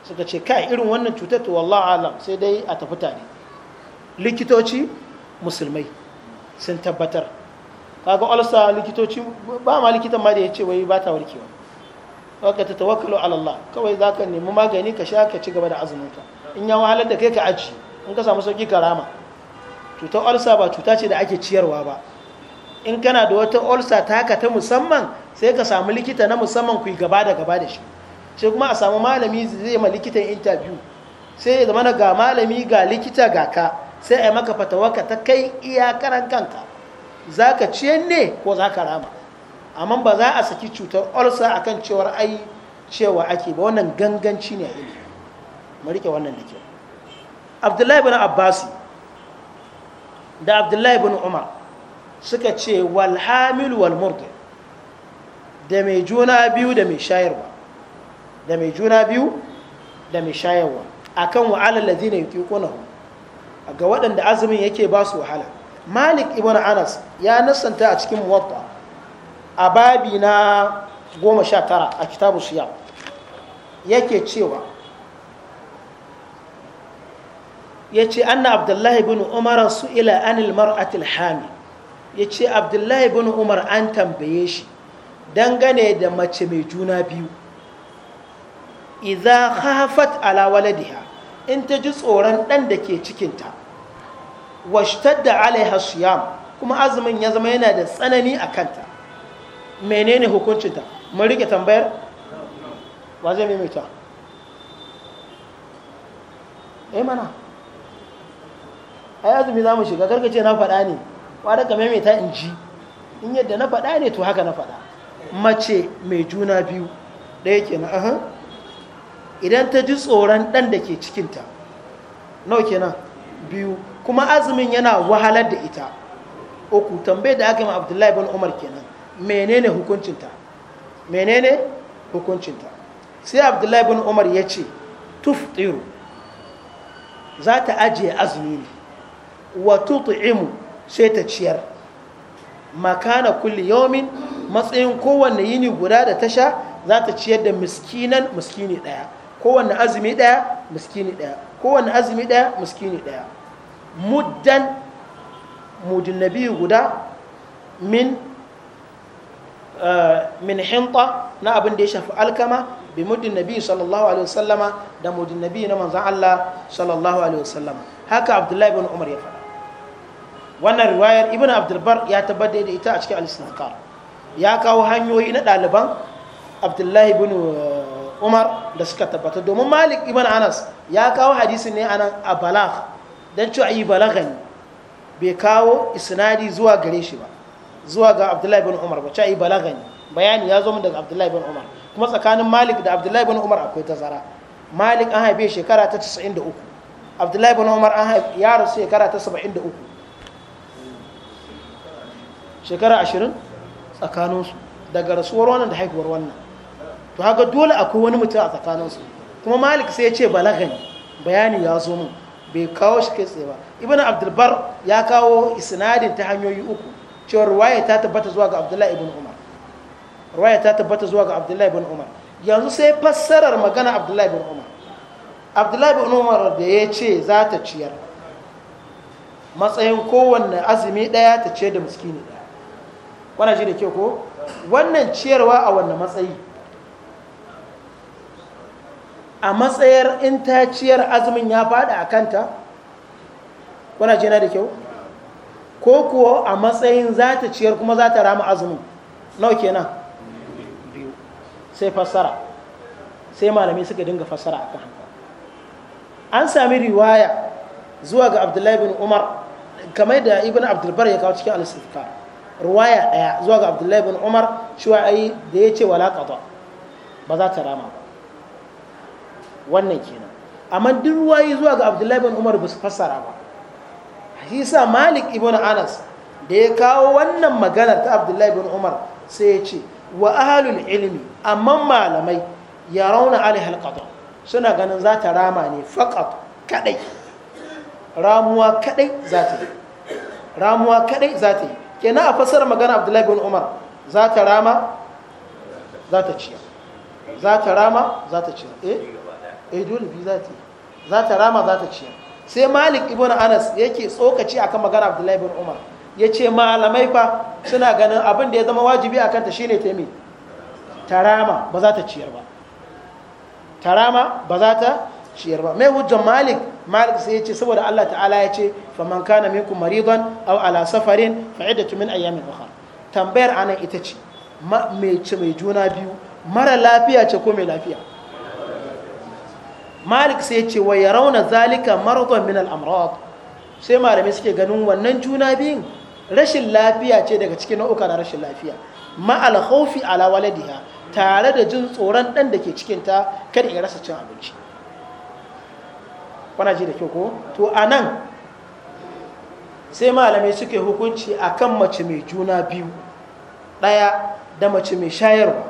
suka ce kai irin wannan cutar to wallahu alam sai dai a tafi tare likitoci musulmai sun tabbatar kaga alsa likitoci ba ma likitan ma da ya ce wai ba ta warkewa ka ta tawakkalu ala Allah kawai za nemi magani ka sha ka ci gaba da azuminka in ya wahalar da kai ka aji in ka samu sauki karama cutar ulsa ba cuta ce da ake ciyarwa ba in kana da wata olsa taka ta musamman sai ka samu likita na musamman ku yi gaba da gaba da shi sai kuma a samu malami zai ma likitan interview sai ya zama ga malami ga likita ga ka sai a yi maka fatawaka ta kai iya karan kanka za ka ciyar ne ko za ka rama amma ba za a saki cutar olsa kan cewar ai cewa ake ba wannan ganganci ne a ilimi mu rike wannan da kyau abdullahi bin abbasi da abdullahi bin umar suka ce walhamil walmurdi da mai juna biyu da mai shayarwa da mai juna biyu da mai shayarwa A akan wa'alar lazina yutiqunahu ga waɗanda azumin yake ba su wahala malik ibn anas ya nasanta a cikin muwatta a babi na goma sha tara a kitabu siya yake cewa ya ce anna abdullahi bin umar su ila anil mar'atil hami ya ce abdullahi bin umar an tambaye shi dangane da mace mai juna biyu iza hafat ala waladiha in ta ji tsoron ɗan da ke cikinta washtadda alaiha siyam kuma azumin ya zama yana da tsanani a kanta menene hukuncinta mun rike tambayar ba zai maimaita eh mana ai azumi za mu shiga ce na faɗa ne ƙwarar ka maimaita in ji in yadda na faɗa ne to haka na faɗa mace mai juna biyu ɗaya ke aha idan ta ji tsoron ɗan da ke cikinta nau kenan biyu kuma azumin yana wahalar da ita uku tambayar da aka yi ma abdullahi bin umar kenan menene hukuncinta menene hukuncinta sai abdullahi bin umar ya ce tuftiru za ta ajiye azumi ne wa tut'imu sai ta ciyar makana kulli yawmin matsayin kowanne yini guda da tasha za ta ciyar da miskinan miskini daya kowanne azumi daya miskini daya kowanne azumi daya miskini daya muddan mudin nabi guda min min hinta na abin da ya shafi alkama bi muddin nabi sallallahu alaihi wasallama da muddin nabi na manzon Allah sallallahu alaihi wasallama haka abdullahi ibn umar ya faɗa wannan riwayar ibn abdul bar ya tabbata da ita a cikin al-istizkar ya kawo hanyoyi na ɗaliban abdullahi ibn umar da suka tabbata domin malik ibn anas ya kawo hadisi ne anan a balagh dan cewa yi balaghani bai kawo isnadi zuwa gare shi ba zuwa ga abdullahi bin umar ba ca'i ne bayani ya zo min daga abdullahi bin umar kuma tsakanin malik da abdullahi bin umar akwai tazara malik an haife shekara ta 93 abdullahi bin umar an haife ya rasu shekara ta 73 shekara 20 tsakaninsu daga rasuwar wannan da haihuwar wannan to haka dole akwai wani mutum a tsakaninsu kuma malik sai ya ce ne bayani ya zo min bai kawo shi kai tsaye ba ibn abdulbar ya kawo isnadin ta hanyoyi uku cewa ruwaya ta tabbata zuwa ga abdullahi ibn umar ruwaya ta tabbata zuwa ga abdullahi ibn umar yanzu sai fassarar magana abdullahi ibn umar abdullahi ibn umar da ya ce za ta ciyar matsayin kowanne azumi ɗaya ta ciyar da miskini ɗaya ji da ke ko wannan ciyarwa a wannan matsayi a matsayar in ta ciyar azumin ya faɗa a kanta wannan ji na da kyau ko kuwa a matsayin za ta ciyar kuma za ta rama azumin nawa kenan biyu sai fassara sai malami suka dinga fassara a kan an sami riwaya zuwa ga abdullahi bin umar kamar da ibn abdulbar ya kawo cikin alisirka sifka riwaya daya zuwa ga abdullahi bin umar cewa ai da ya ce wala ba za ta rama ba wannan kenan amma duk ruwayi zuwa ga abdullahi bin umar ba su fassara ba hisa malik ibn anas da ya kawo wannan magana ta abdullahi ibn umar sai ya ce wa ahalul ilmi amma malamai ya rauna alaihal qada suna ganin za ta rama ne faqat kadai ramuwa kadai za ta yi ramuwa kadai za ta yi kenan a fasar magana abdullahi bin umar za ta rama za ta ciya za ta rama za ta ciya eh eh dole bi za ta yi za ta rama za ta ciya sai malik ibn anas yake tsokaci akan magana abdullahi ibn umar ya ce malamai fa suna ganin abin da ya zama wajibi a kanta shine ta me tarama ba za ta ciyar ba tarama ba za ta ciyar ba mai hujjan malik malik sai ya ce saboda allah ta'ala ya ce faman kana minkum maridan aw ala safarin fa iddatu min ayyamin ukhra tambayar anan ita ce mai ce mai juna biyu mara lafiya ce ko mai lafiya malik sai ce wa ya rauna zalika maraton min al’amurat sai malamai suke ganin wannan juna biyun rashin lafiya ce daga cikin nau'uka na rashin lafiya ma al ala tare da jin tsoron ɗan da ke cikin ta kada ya rasa cin abinci Wana ji da kyau ko to a nan sai malamai suke hukunci a kan mace mai juna biyu ɗaya da mace mai shayarwa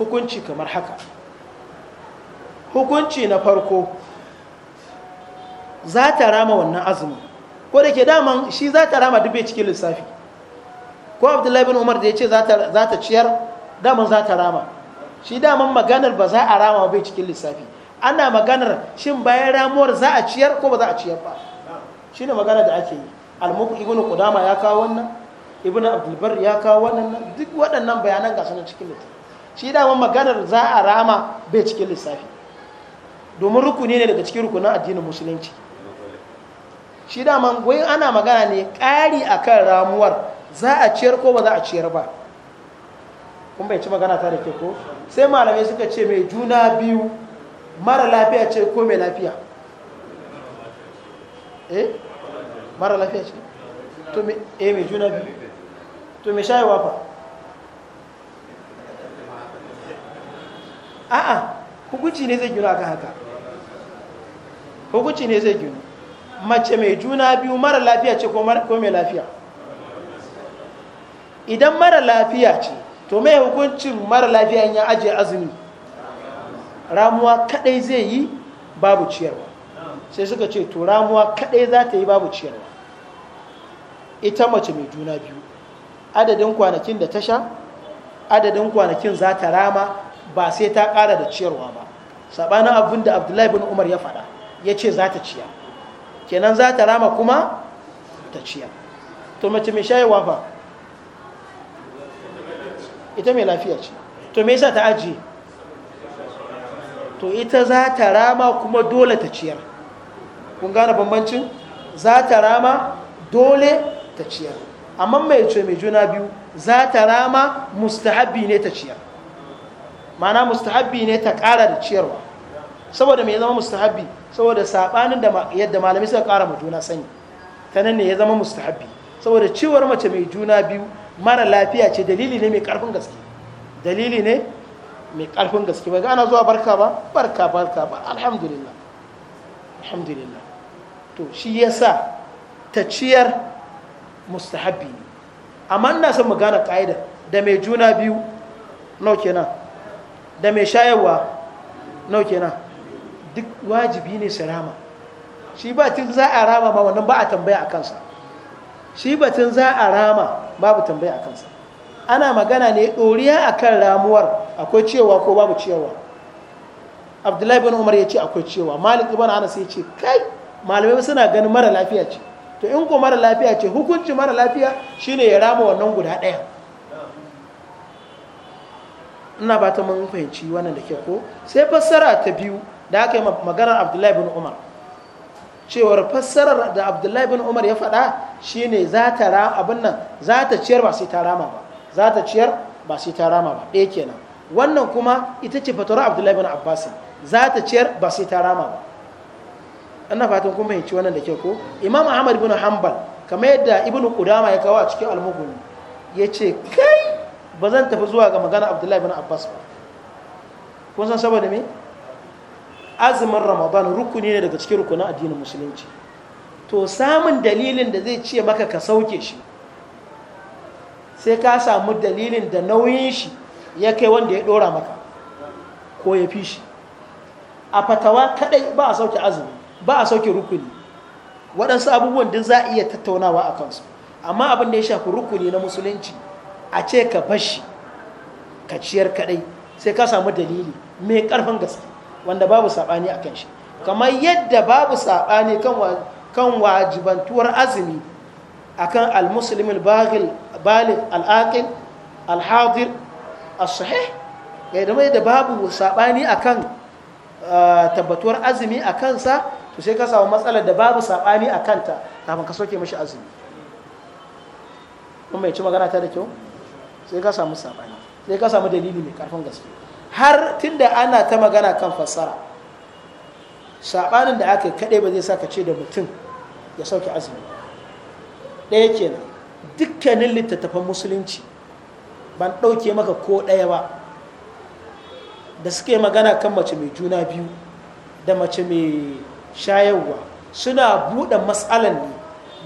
hukunci kamar haka hukunci na farko za ta rama wannan azumin ko da ke daman shi za ta rama dubbe cikin lissafi ko abdullahi bin umar da ya ce za ta ciyar daman za ta rama shi daman maganar ba za a rama bai cikin lissafi ana maganar shin bayan ramuwar za a ciyar ko ba za a ciyar ba shi ne magana da ake yi almuku ibn kudama ya kawo wannan ibn abdulbar ya kawo wannan duk waɗannan bayanan ga sanar cikin lissafi shi daman maganar za a rama bai cikin lissafi domin rukuni ne daga cikin rukunan addinin musulunci shi dama goyi ana magana ne ƙari a kan ramuwar za a ciyar ko ba za a ciyar ba kun bai ci magana ta da ke ko sai malamai suka ce mai juna biyu mara lafiya ce ko mai lafiya eh mara lafiya ce to eh mai juna biyu to me shayarwa wafa a'a hukunci ne zai gina akan haka hukunci ne zai gini mace mai juna biyu mara lafiya ce ko mai lafiya idan mara lafiya ce to mai hukuncin mara lafiya ya ajiye azumi ramuwa kadai zai yi babu ciyarwa sai suka ce to ramuwa kadai za ta yi babu ciyarwa ita mace mai juna biyu adadin kwanakin da ta sha adadin kwanakin za ta rama ba sai ta kara da ciyarwa ba sabanin abin da abdullahi bin umar ya faɗa ya ce za ta ciya kenan za ta rama kuma ta ciya to mace mai shayarwa wafa ita mai lafiya ce to me yasa ta ajiye to ita za ta rama kuma dole ta ciyar kun gane bambancin za ta rama dole ta ciyar amma mai ce mai juna biyu za ta rama mustahabbi ne ta ciyar mana mustahabbi ne ta ƙara da ciyarwa saboda me ya zama mustahabbi saboda sabanin da yadda malami suka kara mu juna sani ta nan ne ya zama mustahabbi saboda ciwar mace mai juna biyu mara lafiya ce dalili ne mai karfin gaske dalili ne mai karfin gaske ba gana zuwa barka ba barka barka ba alhamdulillah alhamdulillah to shi yasa ta ciyar mustahabbi ne amma ina son mu gane ka'ida da mai juna biyu nau kenan da mai shayarwa nau kenan duk wajibi ne su rama shi batun za a rama ba wannan ba a tambaya a kansa shi batun za a rama babu tambaya a kansa ana magana ne ɗoriya a kan ramuwar akwai cewa ko babu cewa abdullahi bin umar ya ce akwai cewa malik ibn anas ya ce kai malamai suna ganin mara lafiya ce to in ko mara lafiya ce hukunci mara lafiya shine ya rama wannan guda ɗaya ina ba ta mun fahimci wannan da ke ko sai fassara ta biyu da aka yi maganar abdullahi bin umar cewar fassarar da abdullahi bin umar ya faɗa shine za ta ra abin nan za ta ciyar ba sai ta rama ba za ta ciyar ba sai ta rama ba ɗaya kenan wannan kuma ita ce fatawar abdullahi bin abbas za ta ciyar ba sai ta rama ba ina fatan kun fahimci wannan da ke ko imam ahmad bin hanbal kamar yadda ibnu qudama ya kawo a cikin almuguni ya ce kai ba zan tafi zuwa ga magana abdullahi bin abbas ba kun san saboda me azumin ramadan rukuni ne daga cikin rukunin addinin musulunci to samun dalilin da zai ce maka ka sauke shi sai ka samu dalilin da nauyin shi ya kai wanda ya dora maka ko ya fi shi a fatawa kadai ba a sauke azumi ba a sauke rukuni waɗansu abubuwan duk za a iya tattaunawa a kansu amma abin da ya shafi rukuni na musulunci a ce ka bashi ka ciyar kadai sai ka samu dalili mai karfin gaske wanda babu saɓani a kan shi kamar yadda babu saɓani kan wajibantuwar azumi akan al musulmin balif al-aqil al-hadir da babu saɓani akan tabbatuwar azumi a kansa to sai ka samu matsalar da babu saɓani a kanta kafin ka soke mashi azumi kuma mai ci magana ta da kyau sai ka samu saɓani sai ka samu dalili mai ƙarfin gaske har tunda ana ta magana kan fassara saɓanin da aka kaɗai ba zai sa ka ce da mutum ya sauke azumi ɗaya kenan dukkanin littattafan musulunci ban ɗauke maka ko ɗaya ba da suke magana kan mace mai juna biyu da mace mai shayarwa suna buɗe matsalan ne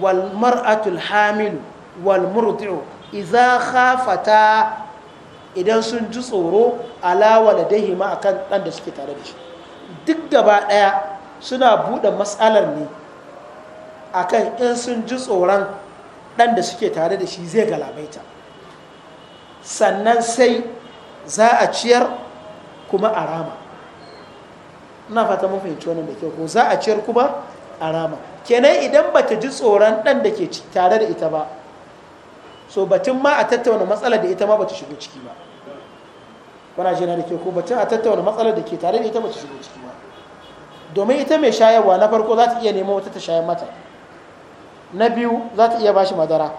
wal mar'atul hamilu wal murdi'u idza khafata idan sun ji tsoro alawa da dahima a kan ɗan da suke tare da shi duk gaba ɗaya suna buɗe matsalar ne a kan in sun ji tsoron ɗan da suke tare da shi zai galabaita sannan sai za a ciyar kuma a rama ina fata mafi fahimci da kyau ko za a ciyar kuma a rama kenan idan ba ta ji tsoron ɗan da ke tare da ita ba so batun ma a tattauna matsalar da ita ma ba ta shigo ciki ba kuna jina da ke ko batun a tattauna matsalar da ke tare da ita mace shigo ciki ba domin ita mai shayarwa na farko za ta iya neman wata ta shayar mata na biyu za ta iya bashi madara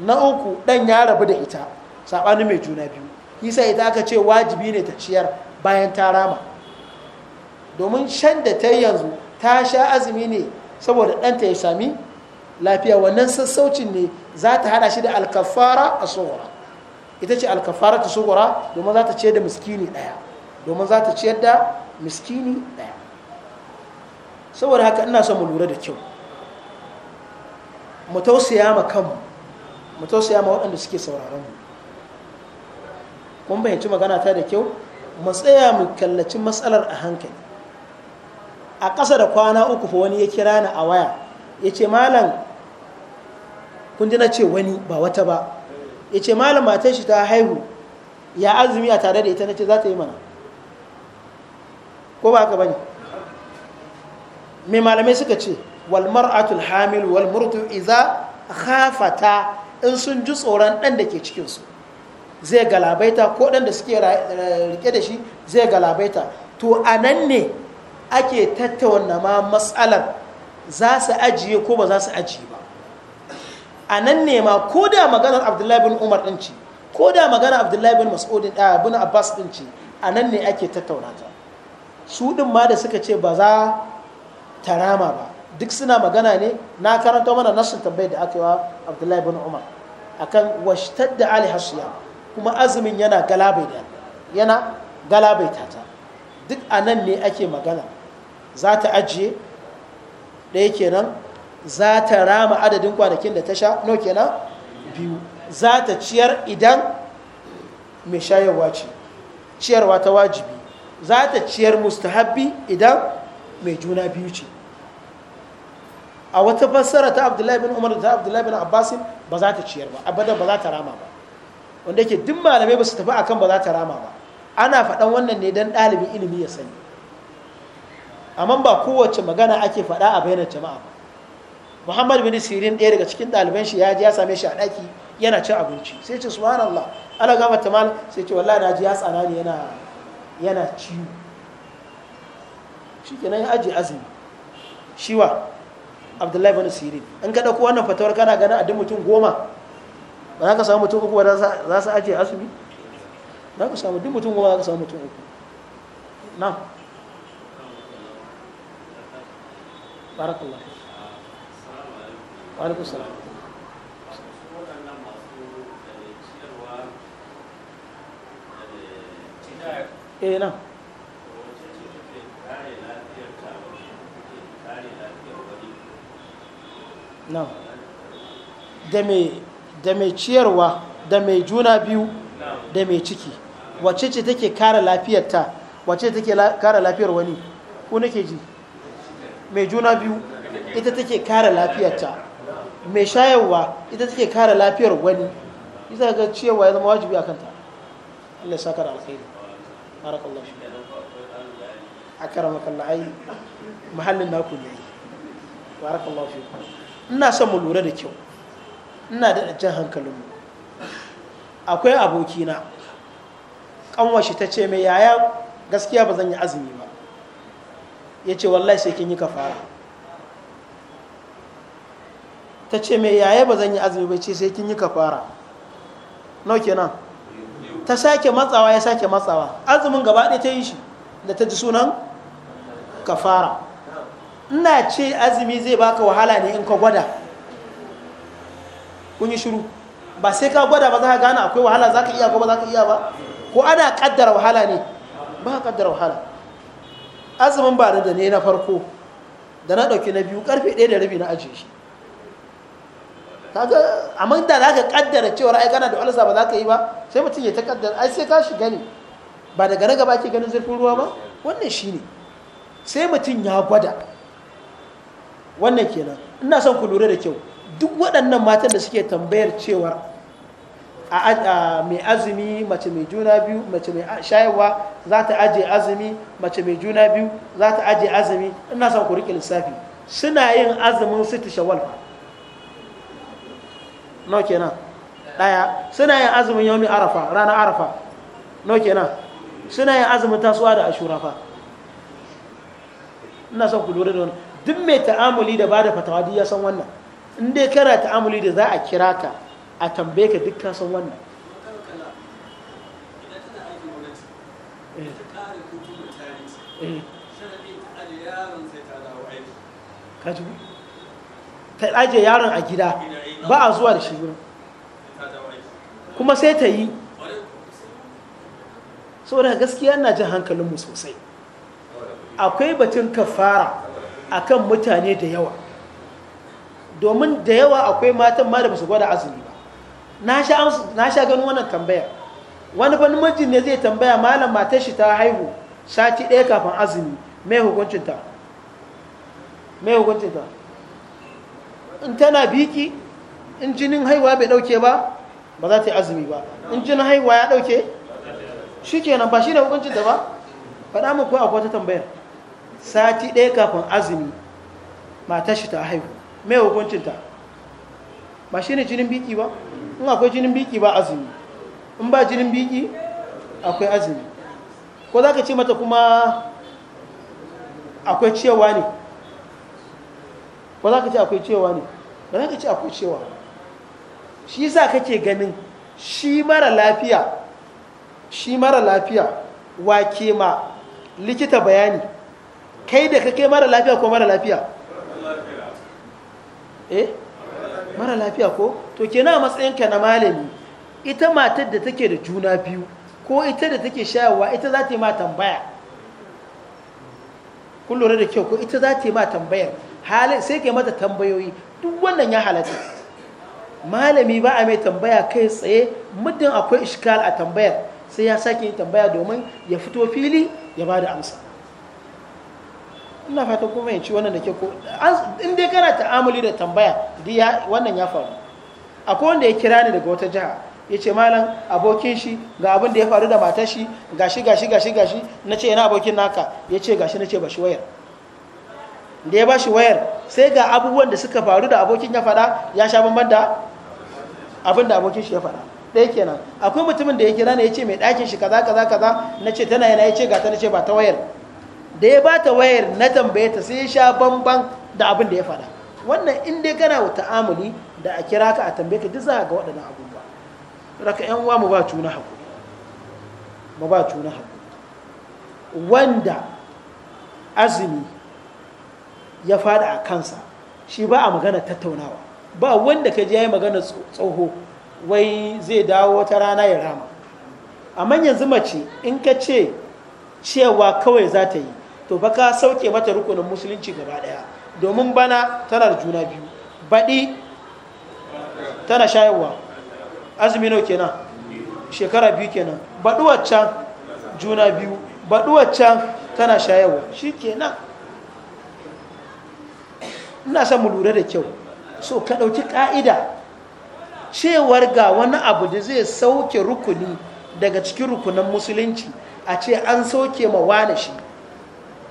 na uku dan ya rabu da ita saɓanin mai juna biyu isa ita aka ce wajibi ne ta ciyar bayan ta rama domin shan da ta yanzu ta sha azumi ne saboda ɗanta ya sami lafiya wannan sassaucin ne za ta hada shi da alkafara a tsohon ita ce alkafaratu sugura domin za ta ciyar da miskini ɗaya domin za ta ciyar da miskini ɗaya saboda haka ina son mu lura da kyau mu tausaya ma kanmu mu tausaya ma waɗanda suke sauraron mu kun bayyanci magana ta da kyau mu tsaya mu kallaci matsalar a hankali a ƙasa da kwana uku fa wani ya kira ni a waya ya ce malam kun ji na ce wani ba wata ba ya ce malam matan shi ta haihu ya azumi a tare da ita na ce za ta yi mana ko ba haka bane mai malamai suka ce walmar atul hamil wal murtu iza hafata in sun ji tsoron ɗan da ke cikinsu zai galabaita ko ɗan da suke rike da shi zai galabaita to a nan ne ake tattauna ma matsalar za su ajiye ko ba za su ajiye a nan ne ma ko da maganar abdullahi bin umar din ce ko da maganar abdullahi bin mas'udin ɗaya ah, bin abbas din ce a nan ne ake tattauna ta su ɗin ma da suka ce ba za ta rama ba duk suna magana ne na karanta mana nashin tambayar da aka yi wa abdullahi bin umar akan washtar da ali hasiya kuma azumin yana galabaita yana galabaita ta duk a nan ne ake magana za ta ajiye ɗaya kenan za ta rama adadin kwanakin da ta sha no kenan biyu za ta ciyar idan mai shayarwa ce ciyarwa ta wajibi za ta ciyar mustahabbi idan mai juna biyu ce a wata fassara ta abdullahi bin umar da ta abdullahi bin abbasin ba za ta ciyar ba abadan ba za ta rama ba wanda yake duk malamai ba su tafi akan ba za ta rama ba ana faɗan wannan ne don ɗalibin ilimi ya sani amma ba kowace magana ake faɗa a bainar jama'a ba muhammad bin sirin ɗaya daga cikin ɗaliban shi ya ji ya same shi a ɗaki yana cin abinci sai ce subhanallah ala gama tamal sai ce wallahi na ji ya tsana ne yana yana ciwo shi kenan ya ajiye azumi shiwa abdullahi bin sirin in ka ɗauko wannan fatawar kana ganin a duk mutum goma ba za ka samu mutum uku ba za su ajiye azumi za ka samu duk mutum goma za ka samu mutum uku na barakallahu alaikum salam eh na na da mai ciyarwa da mai juna biyu da mai ciki wacce ce take kare lafiyarta wacce take kare lafiyar wani ko nake ji mai juna biyu ita take kare lafiyarta mai shayarwa ita take kare lafiyar wani ita ga cewa ya zama wajibi a kanta Allah ya saka da alkhairi barakallahu shi a karamaka ai mahallin naku ne barakallahu shi ina son mu lura da kyau ina da jan mu akwai abokina kanwashi ta ce mai yaya gaskiya ba zan yi azumi ba ya ce wallahi sai kin yi kafara ta ce mai yaya ba zan yi azumi bai ce sai kin yi kafara nau kenan ta sake matsawa ya sake matsawa azumin gaba ɗaya ta yi shi da ta ji sunan kafara ina ce azumi zai baka wahala ne in ka gwada kun yi shiru ba sai ka gwada ba za ka gane akwai wahala za ka iya ko ba za ka iya ba ko ana kaddara wahala ne ba kaddara wahala azumin ba da ne na farko da na ɗauki na biyu karfe ɗaya da rabi na ajiye shi kaga amma da za ka kaddara cewar ai kana da ulsa ba za ka yi ba sai mutum ya ta kaddara ai sai ka shi gani ba daga raga ba ke ganin zurfin ruwa ba wannan shine sai mutum ya gwada wannan kenan ina son ku lura da kyau duk waɗannan matan da suke tambayar cewar a mai azumi mace mai juna biyu mace mai shayarwa za ta ajiye azumi mace mai juna biyu za ta ajiye azumi ina son ku riƙe lissafi suna yin azumin ta shawalfa no kenan daya suna yin azumin yawmi arafa ranar arafa no kenan suna yin azumin tasuwa da ashura ina son ku lura da wani. duk mai ta'amuli da bada fatawa duk ya san wannan in dai kana ta'amuli da za a kira ka a tambaye ka duk ka san wannan ta eh. eh. aje yaron a gida ba a zuwa da shi wurin kuma sai ta yi saboda gaskiya na jin hankalinmu sosai akwai batun kafara akan mutane da yawa domin da yawa akwai matan ma da ba su gwada azumi ba na sha ganin wannan tambaya wani ban majin ne zai tambaya malam matar shi ta haihu sati ɗaya kafin azumi mai hukuncinta mai hukuncinta in tana biki in jinin haihuwa bai dauke ba ba za ta yi azumi ba in jinin haihuwa ya dauke shi kenan ba shi ne hukuncin da ba faɗa mu kuwa akwai ta tambayar sati ɗaya kafin azumi matar shi ta haihu mai hukuncin ta ba shi ne jinin biki ba in akwai jinin biki ba azumi in ba jinin biki akwai azumi ko za ka ce mata kuma akwai cewa ne ba za ka ce akwai cewa ne ba za ka ce akwai cewa shi za kake ganin shi mara lafiya shi mara lafiya wake ma likita bayani kai da kai mara lafiya ko mara lafiya eh mara lafiya ko to kenan matsayinka na malami ita matar da take da juna biyu ko ita da take shayarwa ita za ta yi ma tambaya kun da kyau ko ita za ta yi ma tambayar sai ka mata tambayoyi duk wannan ya halatta malami ba a mai tambaya kai tsaye muddin akwai ishkal a tambayar sai ya sake tambaya domin ya fito fili ya ba da amsa ina fata kuma yanci wannan da ke ko in dai kana ta'amuli da tambaya diya wannan ya faru akwai wanda ya kira ni daga wata jiha ya ce malam abokin shi ga abin da ya faru da matar shi gashi gashi gashi gashi na ce yana abokin naka ya ce gashi na ce ba shi wayar da ya ba shi wayar sai ga abubuwan da suka faru da abokin ya faɗa ya sha bamban da abin da abokin shi ya faɗa ɗaya kenan akwai mutumin da ya kira ne ya ce mai ɗakin shi kaza kaza kaza na ce tana yana ya ce gata na ce ba ta wayar da ya ba ta wayar na tambaye ta sai ya sha bamban da abin da ya faɗa wannan in dai kana wa ta'amuli da a kira ka a tambaye ka duk za ga waɗannan abubuwa raka yan uwa mu ba na hakuri mu ba na hakuri wanda azumi ya fada a kansa shi ba a magana tattaunawa ba wanda ka ji ya yi magana tsoho wai zai dawo wata rana ya rama amma yanzu mace in ka ce cewa kawai za ta yi to ba ka sauke mata rukunin musulunci gaba ɗaya domin bana tana da juna biyu baɗi tana shayarwa azumi nau kenan shekara biyu kenan baɗuwar can juna biyu baɗuwar can tana shayarwa shi kenan ina son mu lura da kyau so ka ɗauki ƙa'ida cewar ga wani abu da zai sauke rukuni daga cikin rukunan musulunci a ce an sauke ma wane shi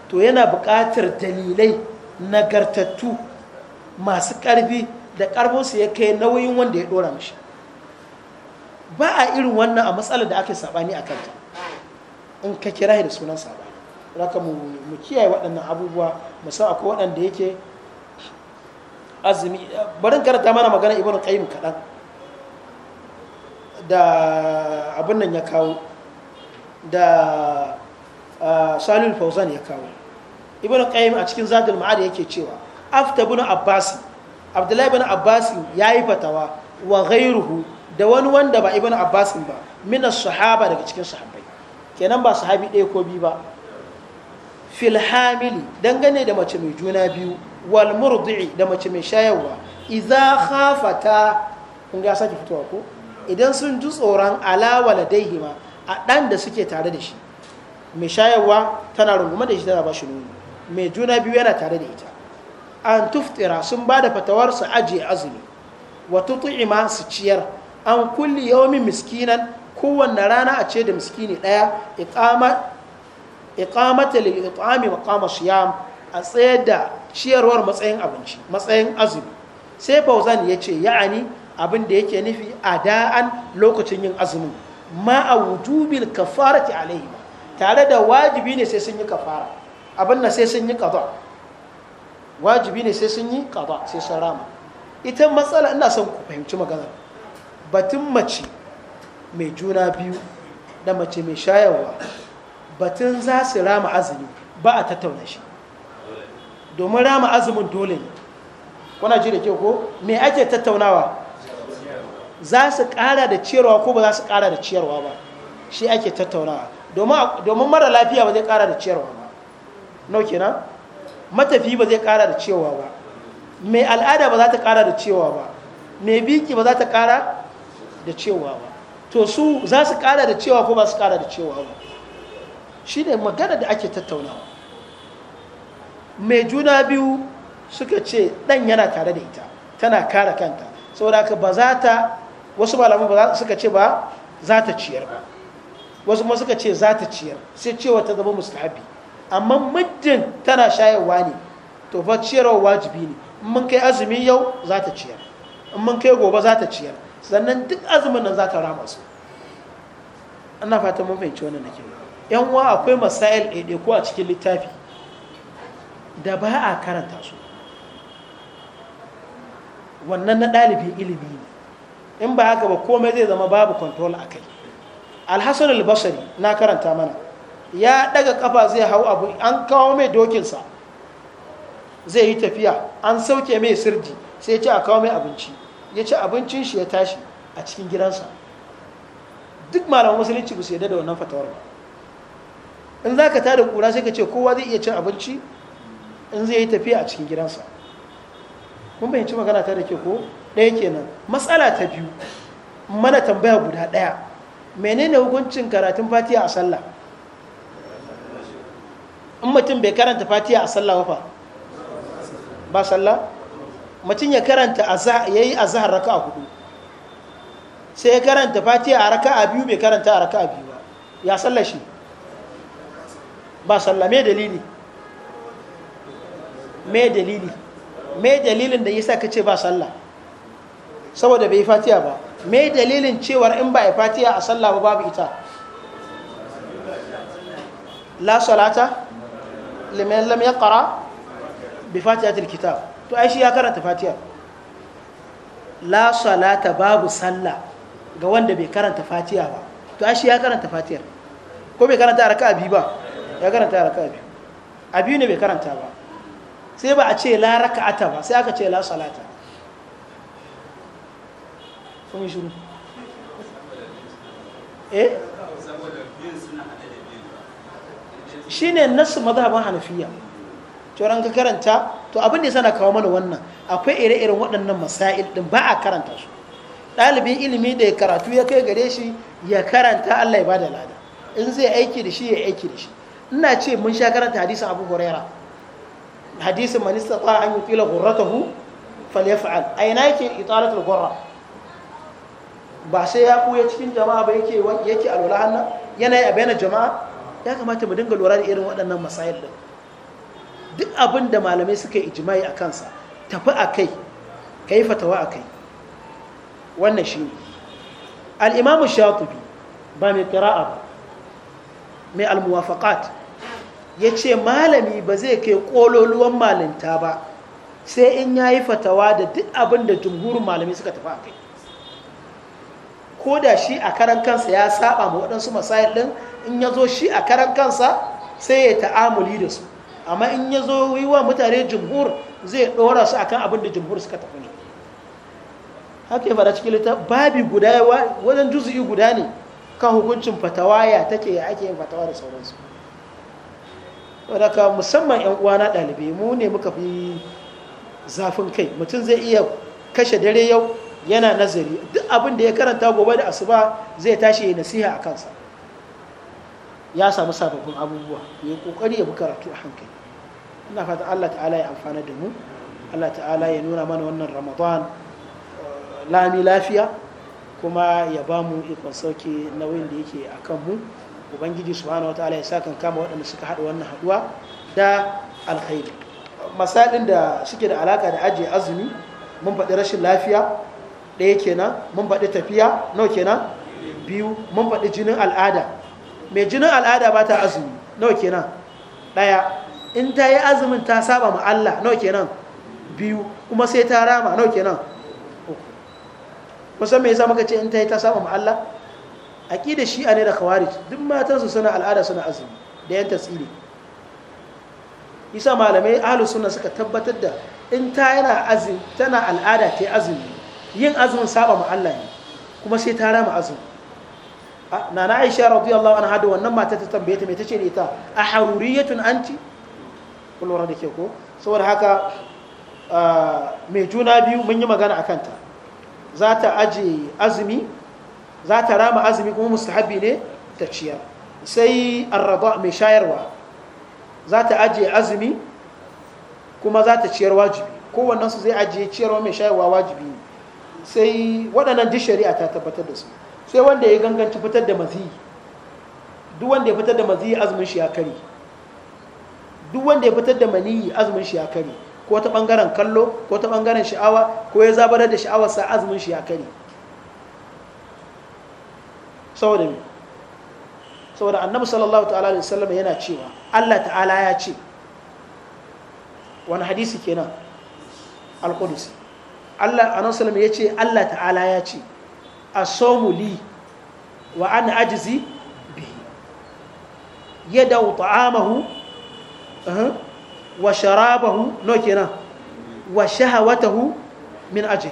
to yana buƙatar dalilai nagartattu masu ƙarfi da su ya kai nauyin wanda ya ɗora mashi ba a irin wannan a matsalar da ake saɓani a kanta in ka kira da sunan saɓani raka mu kiyaye waɗannan abubuwa musamman akwai waɗanda yake azumi barin karanta mana magana ibn qayyim kaɗan da abin nan ya kawo da ah, salil fauzan ya kawo ibn qayyim a cikin zadul ma'ad yake cewa afta ibn abbas abdullahi ibn abbas yayi fatawa wa ghayruhu da wani wanda ba ibn abbas ba min as-sahaba daga cikin sahabbai kenan ba sahabi ɗaya ko biyu ba filhamili dangane da mace mai juna biyu wal da mace mai shayarwa iza hafata kun sake fitowa ko idan sun ji tsoron dai hima a ɗan da suke tare da shi mai shayarwa tana rungume da shi tana ba shi nuni mai juna biyu yana tare da ita an tuftira sun ba da fatawar su ajiye azumi wata tu'ima su ciyar an kulli yawon miskinan kowanne rana a ce da miskini ɗaya iqama iqamata lil it'ami qama siyam a tsayar da ciyarwar matsayin abinci matsayin azumi sai fauzan ya ce ya'ani abin da yake nufi a ada'an lokacin yin azumin ma a wujubil kafarati alaihi tare da wajibi ne sai sun yi kafara abin na sai sun yi qada wajibi ne sai sun yi qada sai sun rama ita matsala ina son ku fahimci magana batun mace mai juna biyu da mace mai shayarwa batun za su rama azumi ba a tattauna shi domin rama azumin dole ne kuna ji da ke ko me ake tattaunawa za su kara da ciyarwa ko ba za su kara da ciyarwa ba shi ake tattaunawa domin mara lafiya ba zai kara da ciyarwa ba nau kenan matafi ba zai kara da ciyarwa ba mai al'ada ba za ta kara da ciyarwa ba mai biki ba za ta kara da ciyarwa ba to su za su kara da cewa ko ba su kara da cewa ba shi ne magana da ake tattaunawa mai juna biyu suka ce ɗan yana tare da ita tana kare kanta saboda ka ba za ta wasu malamu ba suka ce ba za ta ciyar ba wasu ma suka ce za ta ciyar sai cewa ta zama mustahabi amma muddin tana shayarwa ne to fa ciyarwa wajibi ne mun kai azumi yau za ta ciyar mun kai gobe za ta ciyar sannan duk azumin nan za ta rama su ana fatan mun fahimci wannan nake yan wa akwai masail ko a cikin littafi da ba a karanta su wannan na ɗalibin ilimi ne in ba haka ba komai zai zama babu kontrol a kai alhassan albasari na karanta mana ya ɗaga kafa zai hau abu an kawo mai dokinsa zai yi tafiya an sauke mai sirji sai ya ci a kawo mai abinci ya ci abincin shi ya tashi a cikin gidansa duk malaman musulunci ba su yadda da wannan fatawar ba in za ka tada kura sai ka ce kowa zai iya cin abinci in zai yi tafiya a cikin gidansa mun bayanci magana ta da ke ko ɗaya kenan matsala ta biyu mana tambaya guda ɗaya menene hukuncin karatun fatiya a sallah in mutum bai karanta fatiya a sallah wafa? ba sallah mutum ya karanta ya yi azahar raka a hudu sai ya karanta fatiya a raka a biyu bai karanta a raka a biyu ba ya sallah shi ba sallah me dalili me dalili me dalilin da yasa kace ba sallah saboda bai fatiha ba mai dalilin cewar in ba a fatiha a sallah ba babu ita la salata liman lam yaqra bi fatihatil kitab to ai shi ya karanta fatiha la salata babu sallah ga wanda bai karanta fatiha ba to ai shi ya karanta fatihar ko bai karanta raka'a biyu ba ya karanta raka biyu a biyu ne bai karanta ba sai ba a ce la ata ba sai aka ce la salata kun shiru eh shi ne nasu mazhaban hanafiya turan ka karanta to abin da sana kawo mana wannan akwai ire-iren waɗannan masail ɗin ba a karanta su ɗalibin ilimi da ya karatu ya kai gare shi ya karanta Allah ya bada lada in zai aiki da shi ya aiki da shi ina ce mun sha karanta hadisin abu huraira hadisin man ta an ya ghurratahu a aina yake italatul ghurra ba sai ya buya cikin jama'a ba yake yake alwala hannan yana yi a bayanan jama'a ya kamata mu dinga lura da irin waɗannan masayar da duk abin da malamai suka ijimai a kansa tafi a kai ka yi fatawa a kai wannan shi ne al'imamu shatubi ba mai ƙira'a ba mai almuwafaƙat ya ce malami ba zai kai ƙololuwan malinta ba sai in ya yi fatawa da duk abin da jumhurin malami suka tafi a kai ko da shi a karan kansa ya saba ma waɗansu masayar ɗin in ya zo shi a karan kansa sai ya ta'amuli da su amma in ya zo yi wa mutane jumhur zai ɗora su akan abin da jumhur suka tafi ne haka ya fara cikin litta babi guda wajen juzu'i guda ne kan hukuncin fatawa ya take ya ake yin fatawa da sauransu wadaka musamman yan uwana ɗalibai mu ne muka fi zafin kai mutum zai iya kashe dare yau yana nazari duk abin da ya karanta gobe da asuba zai tashi ya nasiha a kansa ya samu sababbin abubuwa ya kokari ya bi karatu a hankali ina fata Allah ta'ala ya amfana da mu Allah ta'ala ya nuna mana wannan ramadan eh, lami lafiya kuma ya ba mu ikon sauke nauyin da yake a kan mu ubangiji subhanahu wataala ya sakan kama waɗanda suka haɗa wannan haɗuwa da alkhairi masalin da suke da alaka da ajiye azumi mun faɗi rashin lafiya ɗaya kenan mun faɗi tafiya nau kenan biyu mun faɗi jinin al'ada mai jinin al'ada ba ta azumi nau kenan ɗaya in ta yi azumin ta saba ma Allah nau kenan biyu kuma sai ta rama nau kenan kusan me zama muka ce in ta yi ta saba ma Allah aqida shi'a ne da khawarij duk matansu suna al'ada suna azumi da yan tasiri isa malamai ahlus sunna suka tabbatar da in ta yana azin tana al'ada ta azumi yin azumin saba ma Allah ne kuma sai ta rama azumi na Aisha radiyallahu anha da wannan mata ta tambaye ta me tace da ita a haruriyatun anti kullura da ke ko saboda haka mai juna biyu mun yi magana akan ta za ta aje azumi za ta rama azumi kuma mustahabi ne ta ciyar sai arraba mai shayarwa za ta ajiye azumi kuma za ta ciyar wajibi kowannensu zai ajiye ciyarwa mai shayarwa wajibi ne sai waɗannan duk shari'a ta tabbatar da su sai wanda ya ganganci fitar da maziyi duk wanda ya fitar da maziyi azumin shi ya kare duk wanda ya fitar da maniyi azumin shi ya kare ko ta ɓangaren kallo ko ta ɓangaren sha'awa ko ya zabarar da sha'awarsa azumin shi ya kare saboda me saboda annabi sallallahu ta'ala alaihi wasallam yana cewa Allah ta'ala ya ce wani hadisi kenan al-qudsi Allah annabi sallallahu ya ce Allah ta'ala ya ce a sawmu li wa ana ajzi bihi yadau ta'amahu uh-huh, wa sharabahu no kenan wa shahawatahu min ajli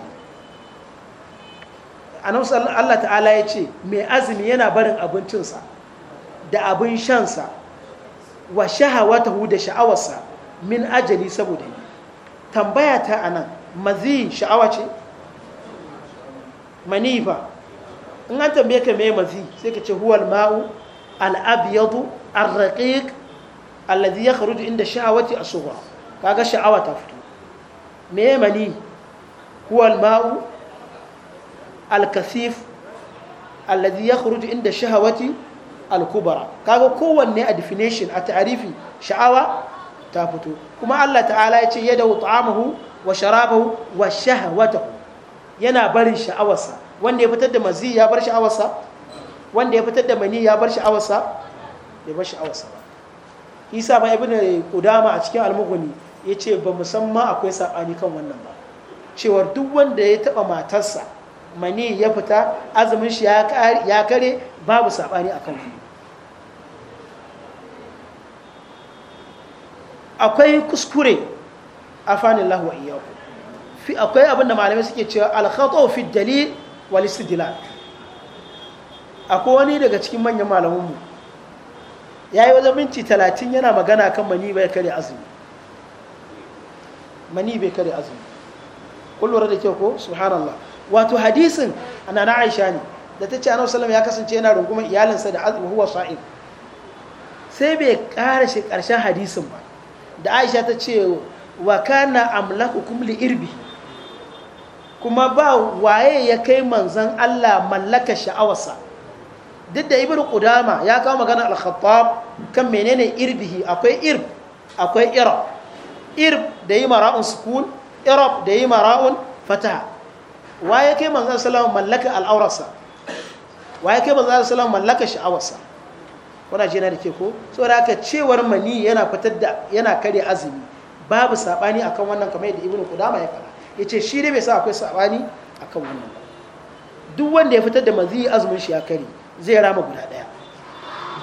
annabi Allah ta'ala ya ce mai azumi yana barin abincinsa da abin shansa wa shahawa ta da sha'awarsa min ajali saboda yi tambaya ta anan mazi sha'awa ce manifa in an tambaye ka mai mazi sai ka ce huwal ma'u al raqiq alladhi inda sha'awati as-sughra kaga sha'awa ta fito me mani huwal ma'u al-kasif alladhi yakhruju inda shahawati al-kubra kaga kowanne a definition a ta'arifi sha'awa ta fito kuma Allah ta'ala ya ce yadahu ta'amahu wa sharabahu wa shahawatahu yana barin sha'awarsa wanda ya fitar da mazi ya bar sha'awarsa wanda ya fitar da mani ya bar sha'awarsa ya bar sha'awarsa ba isa ma ibn qudama a cikin al-mughni yace ba musamman akwai sabani kan wannan ba cewar duk wanda ya taba matarsa mani ya fita azumin shi ya kare babu sabani a kan akwai kuskure a fanin lahuwa iyaku akwai abinda malamai suke cewa alkhato fi dalil wal istidlal akwai wani daga cikin manyan malamanmu ya yi wajen minti talatin yana magana kan mani bai kare azumi mani bai kare azumi kullum da ke ko subhanallah wato hadisin ana na aisha ne da ta ce annabi Salam ya kasance yana rungumar iyalinsa da azumi huwa sa'in sai bai ƙara shi ƙarshen hadisin ba da aisha ta ce wa kana amlakukum li irbi kuma ba waye ya kai manzan Allah mallaka sha'awarsa duk da ibnu qudama ya kawo magana al kan menene irbihi akwai irb akwai irab irb da yi mara'un sukun irab da yi mara'un fataha waye kai manzo sallallahu mallaka al'aurarsa waye kai manzo sallallahu mallaka sha'awarsa kuna ji yana da ke ko saboda haka cewar mani yana fitar da yana kare azumi babu sabani akan wannan kamar yadda ibnu qudama ya fara yace shi ne bai sa akwai sabani akan wannan duk wanda ya fitar da mazi azumin shi ya kare zai rama guda daya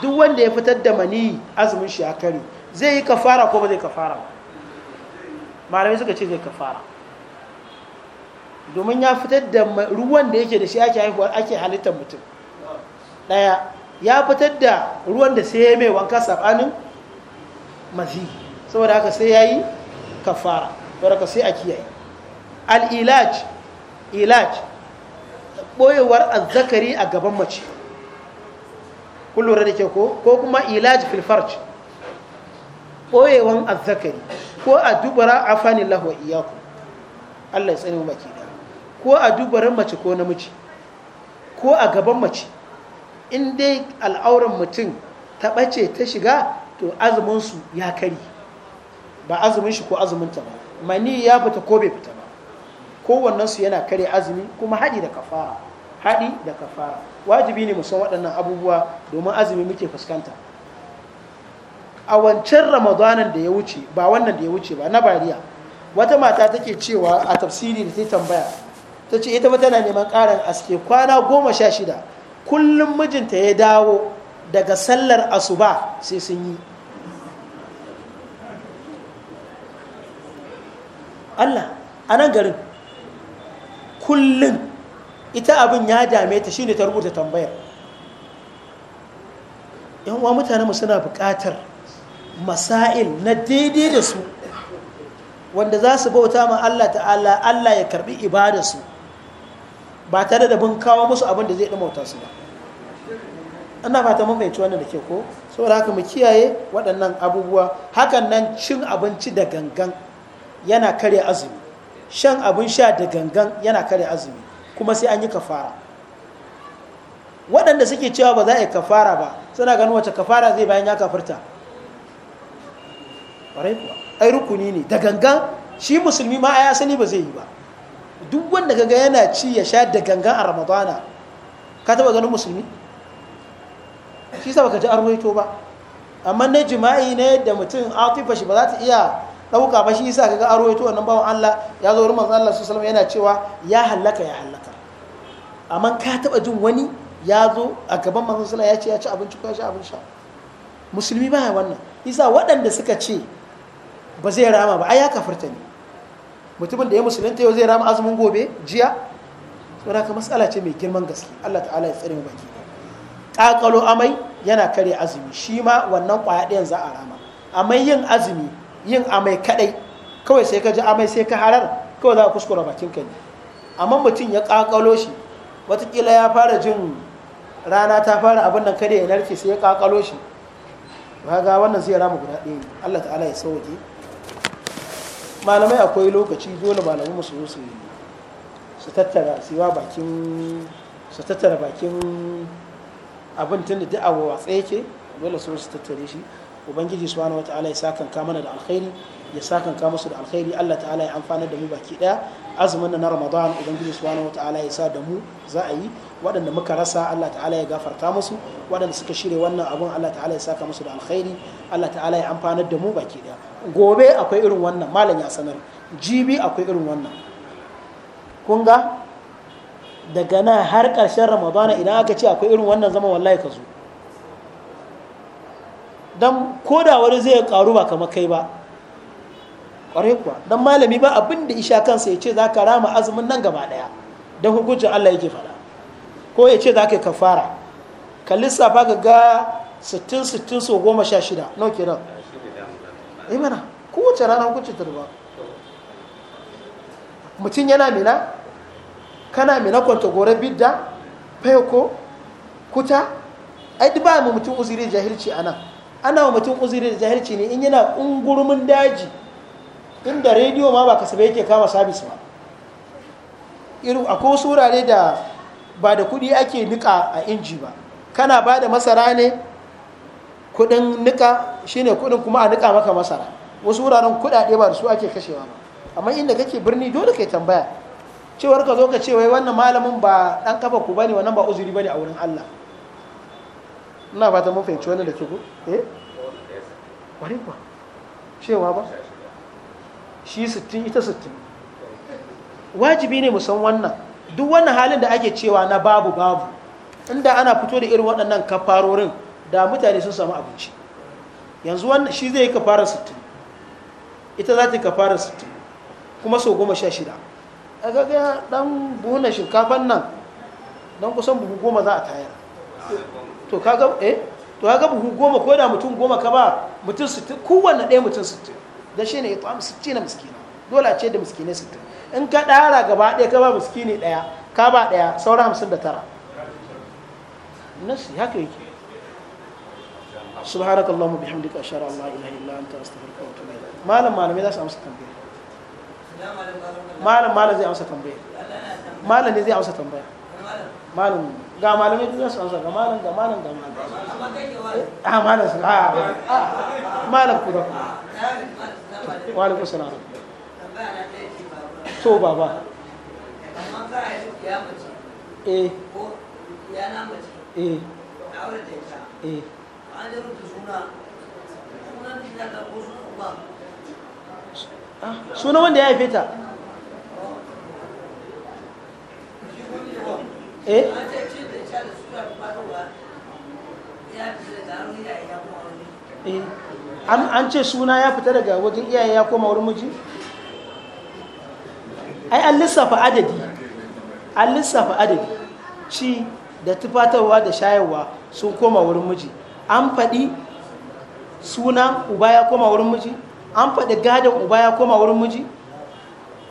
duk wanda ya fitar da mani azumin shi ya kare zai yi kafara ko ba zai kafara ba malamai suka ce zai kafara domin ya fitar da ruwan da yake da shi ake haihuwar ake halittar mutum ɗaya ya fitar da ruwan da sai ya mai wanka sabanin mazi saboda haka sai ya yi kafara saboda haka sai a kiyaye al'ilaj ilaj ɓoyewar azzakari a gaban mace kullum da ke ko kuma ilaj filfarci ɓoyewan azzakari ko a dubara afanin lahuwa iyaku allah ya maki ko a dubaran mace ko namiji ko a gaban mace in dai al'auran mutum ta ɓace ta shiga to azuminsu ya kari ba azumin shi ko azuminta ba mani ya fita ko bai fita ba kowannensu yana kare azumi kuma haɗi da kafara haɗi da kafara wajibi ne musan waɗannan abubuwa domin azumi muke fuskanta a wancan ramadanan da ya wuce ba wannan da ya wuce ba na bariya wata mata take cewa a tafsiri da ta tambaya ta ce ita fa tana neman ƙarin aske kwana goma sha shida kullum mijinta ya dawo daga sallar asuba sai sun yi Allah a nan garin kullum ita abin ya dame ta shine ta rubuta tambayar yan uwa mutanenmu suna buƙatar masail na daidai da su wanda za su bauta ma Allah ta'ala Allah ya karbi ibadarsu ba tare da bin kawo musu abin da zai ɗumauta su ba ana fata mun fahimci wannan da ke ko saboda haka mu kiyaye waɗannan abubuwa hakan nan cin abinci da gangan yana karya azumi shan abin sha da gangan yana karya azumi kuma sai an yi kafara waɗanda suke cewa ba za a yi kafara ba suna ganin wace kafara zai bayan ya kafarta ai rukuni ne da gangan shi musulmi ma ya sani ba zai yi ba duk wanda ga yana ci ya sha da gangan a ramadana ka taba ganin musulmi shi sa baka ji an roito ba amma na jima'i ne da mutum atifa shi ba za ta iya ɗauka ba shi sa kaga an roito wannan bawan Allah ya zo wurin manzan Allah su salama yana cewa ya hallaka ya hallaka amma ka taba jin wani ya zo a gaban manzan sallallahu ya ce ya ci abinci ko ya sha abin sha musulmi ya wannan isa waɗanda suka ce ba zai rama ba ai ya kafarta ne mutumin da ya musulunta yau zai rama azumin gobe jiya saboda ka matsala ce mai girman gaske Allah ta'ala ya tsare baki kakalo amai yana kare azumi shi ma wannan kwaya ɗayan za a rama Amai yin azumi yin amai kaɗai. kawai sai ka ji amai sai ka harar kawai za a kuskura bakin ka ne amma mutum ya kakalo shi watakila ya fara jin rana ta fara abin nan kare ya narke sai ya kakalo shi ga wannan zai rama guda ɗaya ne Allah ta'ala ya sauke malamai akwai lokaci dole malamai su zo su tattara siwa bakin su tattara bakin abin tun da duk watsa yake dole su su tattare shi ubangiji subhanahu wataala ya sakan ka mana da alkhairi ya sakan ka musu da alkhairi Allah ta'ala ya amfana da mu baki daya azumin na Ramadan ubangiji subhanahu wataala ya sa da mu za a yi waɗanda muka rasa Allah ta'ala ya gafarta musu waɗanda suka shirya wannan abun Allah ta'ala ya saka musu da alkhairi Allah ta'ala ya amfana da mu baki daya gobe akwai irin wannan malam ya sanar jibi akwai irin wannan kun ga daga nan har ƙarshen ramadana idan aka ce akwai irin wannan zama wallahi ka zo don koda wani zai karu ba kamar kai ba ƙwarai kuwa don malami ba abinda da isha kansa ya ce za ka rama azumin nan gaba ɗaya don hukuncin allah yake faɗa ko ya ce za ka yi kafara ka lissafa ka ga 60 60 goma sha shida nau kenan eh mana kowace rana hukuncin turba mutum yana mina kana mina kwanta gore bidda fayoko kuta ai duba mu mutum uzuri jahilci a nan ana wa mutum uzuri da jahilci ne in yana ungurumin daji inda rediyo ma ba kasabe yake kama sabis ba Iru, akwai wasu wurare da ba da kuɗi ake nika a inji ba kana ba da masara ne kudin nika shine kudin kuma a nika maka masara wasu wuraren kudade ba da su ake kashewa ba amma inda kake birni dole kai tambaya cewar ka zo ka ce wai wannan malamin ba dan kafa ku bane wannan ba uzuri bane a wurin Allah ina fata mun fahimci wannan da ke ku eh wani ba cewa ba shi 60 ita 60 wajibi ne mu san wannan duk wannan halin da ake cewa na babu babu inda ana fito da irin waɗannan kafarorin da mutane sun samu abinci yanzu wannan shi zai yi kafara 60 ita za ta yi kafara 60 kuma sau goma sha shida a gaga dan buhunan shinkafan nan dan kusan buhu goma za a tayar to kaga eh to kaga buhu goma ko da mutum goma ka ba mutum 60 kowanne ɗaya mutum 60 dan ne ya tsamu 60 na miskina dole a ce da miskine 60 in ka ɗara gaba ɗaya ka ba miskini ɗaya ka ba ɗaya saura 59 nasi haka yake subhanakallahumma bihamdika ashhadu an la ilaha illa anta astaghfiruka wa atubu ilaik malam malamai za su amsa tambaya malam malam zai amsa tambaya malam ne zai amsa tambaya malam ga malamai duk su amsa ga malam ga malam ga malam eh, a ah, malam su a ah, ah, malam ku da ku wa alaikum salam to baba amma ka yi ya mace eh ko ya na mace eh aure da ita eh suna ah, sunan wanda ya haife ta eh? Eh, an ce suna ya fita daga wajen iyaye ya koma wurin miji ai an lissafa adadi an lissafa adadi ci da tufatarwa da shayarwa sun koma wurin miji an faɗi sunan uba ya koma wurin miji an faɗi gadon uba ya koma wurin miji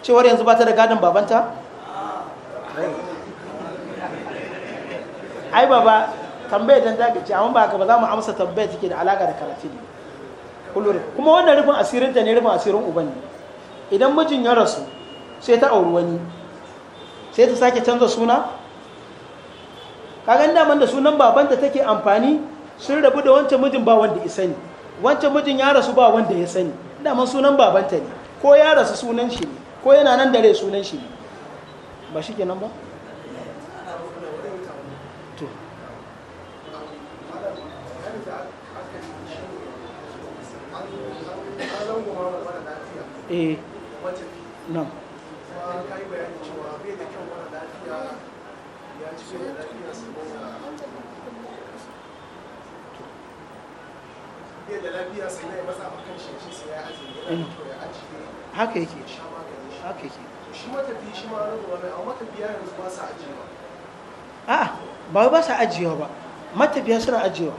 cewar yanzu ba ta da gadon babanta ai ba ba tambaya don daga ce amma ba ka ba za mu amsa tambaya take da alaƙa da karatu ne kuma wannan rufin asirin ta ne rufin asirin uban ne idan mijin ya rasu sai ta auri wani sai ta sake canza suna kagan daman da sunan babanta take amfani sun rabu da wancan mijin ba wanda ya sani wancan mijin ya rasu ba wanda ya sani daman sunan babanta ne ko ya rasu sunan shi ne ko yana nan da rai sunan shi ne ba shi kenan ba eh nan no. Mm. haka yake haka yake shi shi amma matafiya yanzu ba su ajiyewa a ba ba sa ajiyewa ba matafiya suna ajiyewa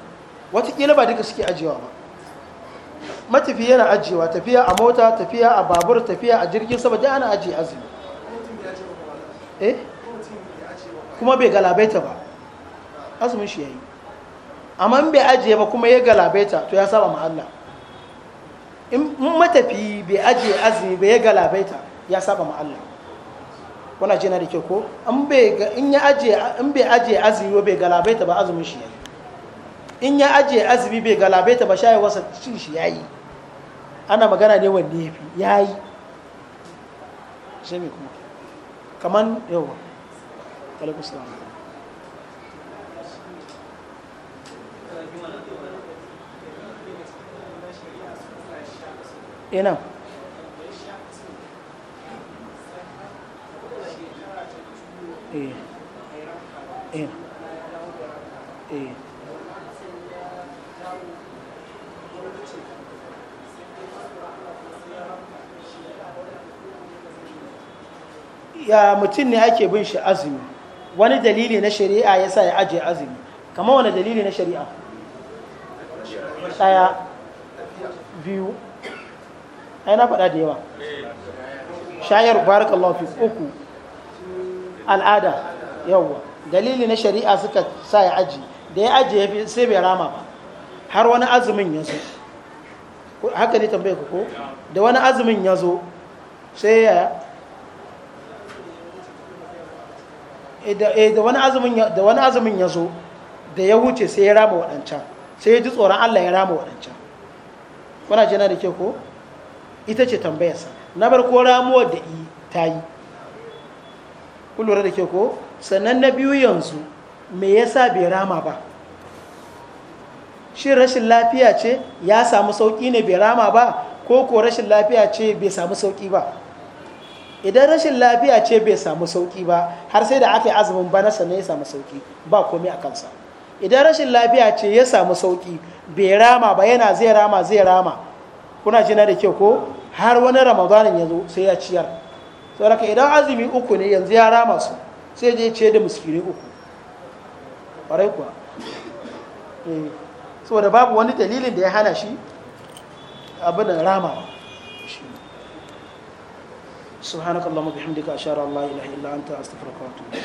watakila ba duka suke ajiyewa ba matafiya yana ajiyewa tafiya a mota tafiya a babur tafiya a jirgin sama da ana ajiye azumi eh kuma bai galabaita ba azumin shi yayi amma in bai ajiye ba kuma ya galabaita to ya saba ma Allah in matafi bai ajiye azumi bai ya galabaita ya saba ma Allah wannan jina da ke ko in bai in ya ajiye in bai ajiye azumi ba bai galabaita ba azumin shi yayi in ya ajiye azumi bai galabaita ba shayi wasa cin shi yayi ana magana ne ya fi yayi sai me kuma kamar yawa alaikum salam ina eh, eh. eh. ya mutum ne ake bin shi azumi wani dalili na shari'a ya sa ya ajiye azumi kamar wani dalili na shari'a ɗaya biyu ai na faɗa da yawa shayar barakallahu fi uku al'ada yawa dalili na shari'a suka sa ya aji da ya aji ya fi sai bai rama ba har wani azumin ya zo haka ne tambaye ku ko da wani azumin ya zo sai ya eh, eh, da wani azumin da wani azumin ya zo da ya wuce sai ya rama waɗancan sai ya ji tsoron Allah ya rama waɗancan kuna jina da ke ko ita ce tambayarsa na bar ko ramuwar da ta yi kullura da ke ko sannan na biyu yanzu me yasa bai rama ba shi rashin lafiya ce ya samu sauki ne bai rama ba ko ko rashin lafiya ce bai samu sauki ba idan rashin lafiya ce bai samu sauƙi ba har sai da aka yi azumin bana sannan ya samu sauki ba komai a kansa idan rashin lafiya ce ya samu sauƙi bai rama ba yana zai rama zai rama kuna jina da kyau ko har wani ramadanin ya zo sai ya ciyar sau ka idan azumi uku ne yanzu ya rama su sai je ce da muskiri uku ƙwarai kuwa eh, Sau da babu wani dalilin da ya hana shi abin da rama. سبحانك اللهم وبحمدك أشهد أن لا إله إلا أنت أستغفرك وأتوب إليك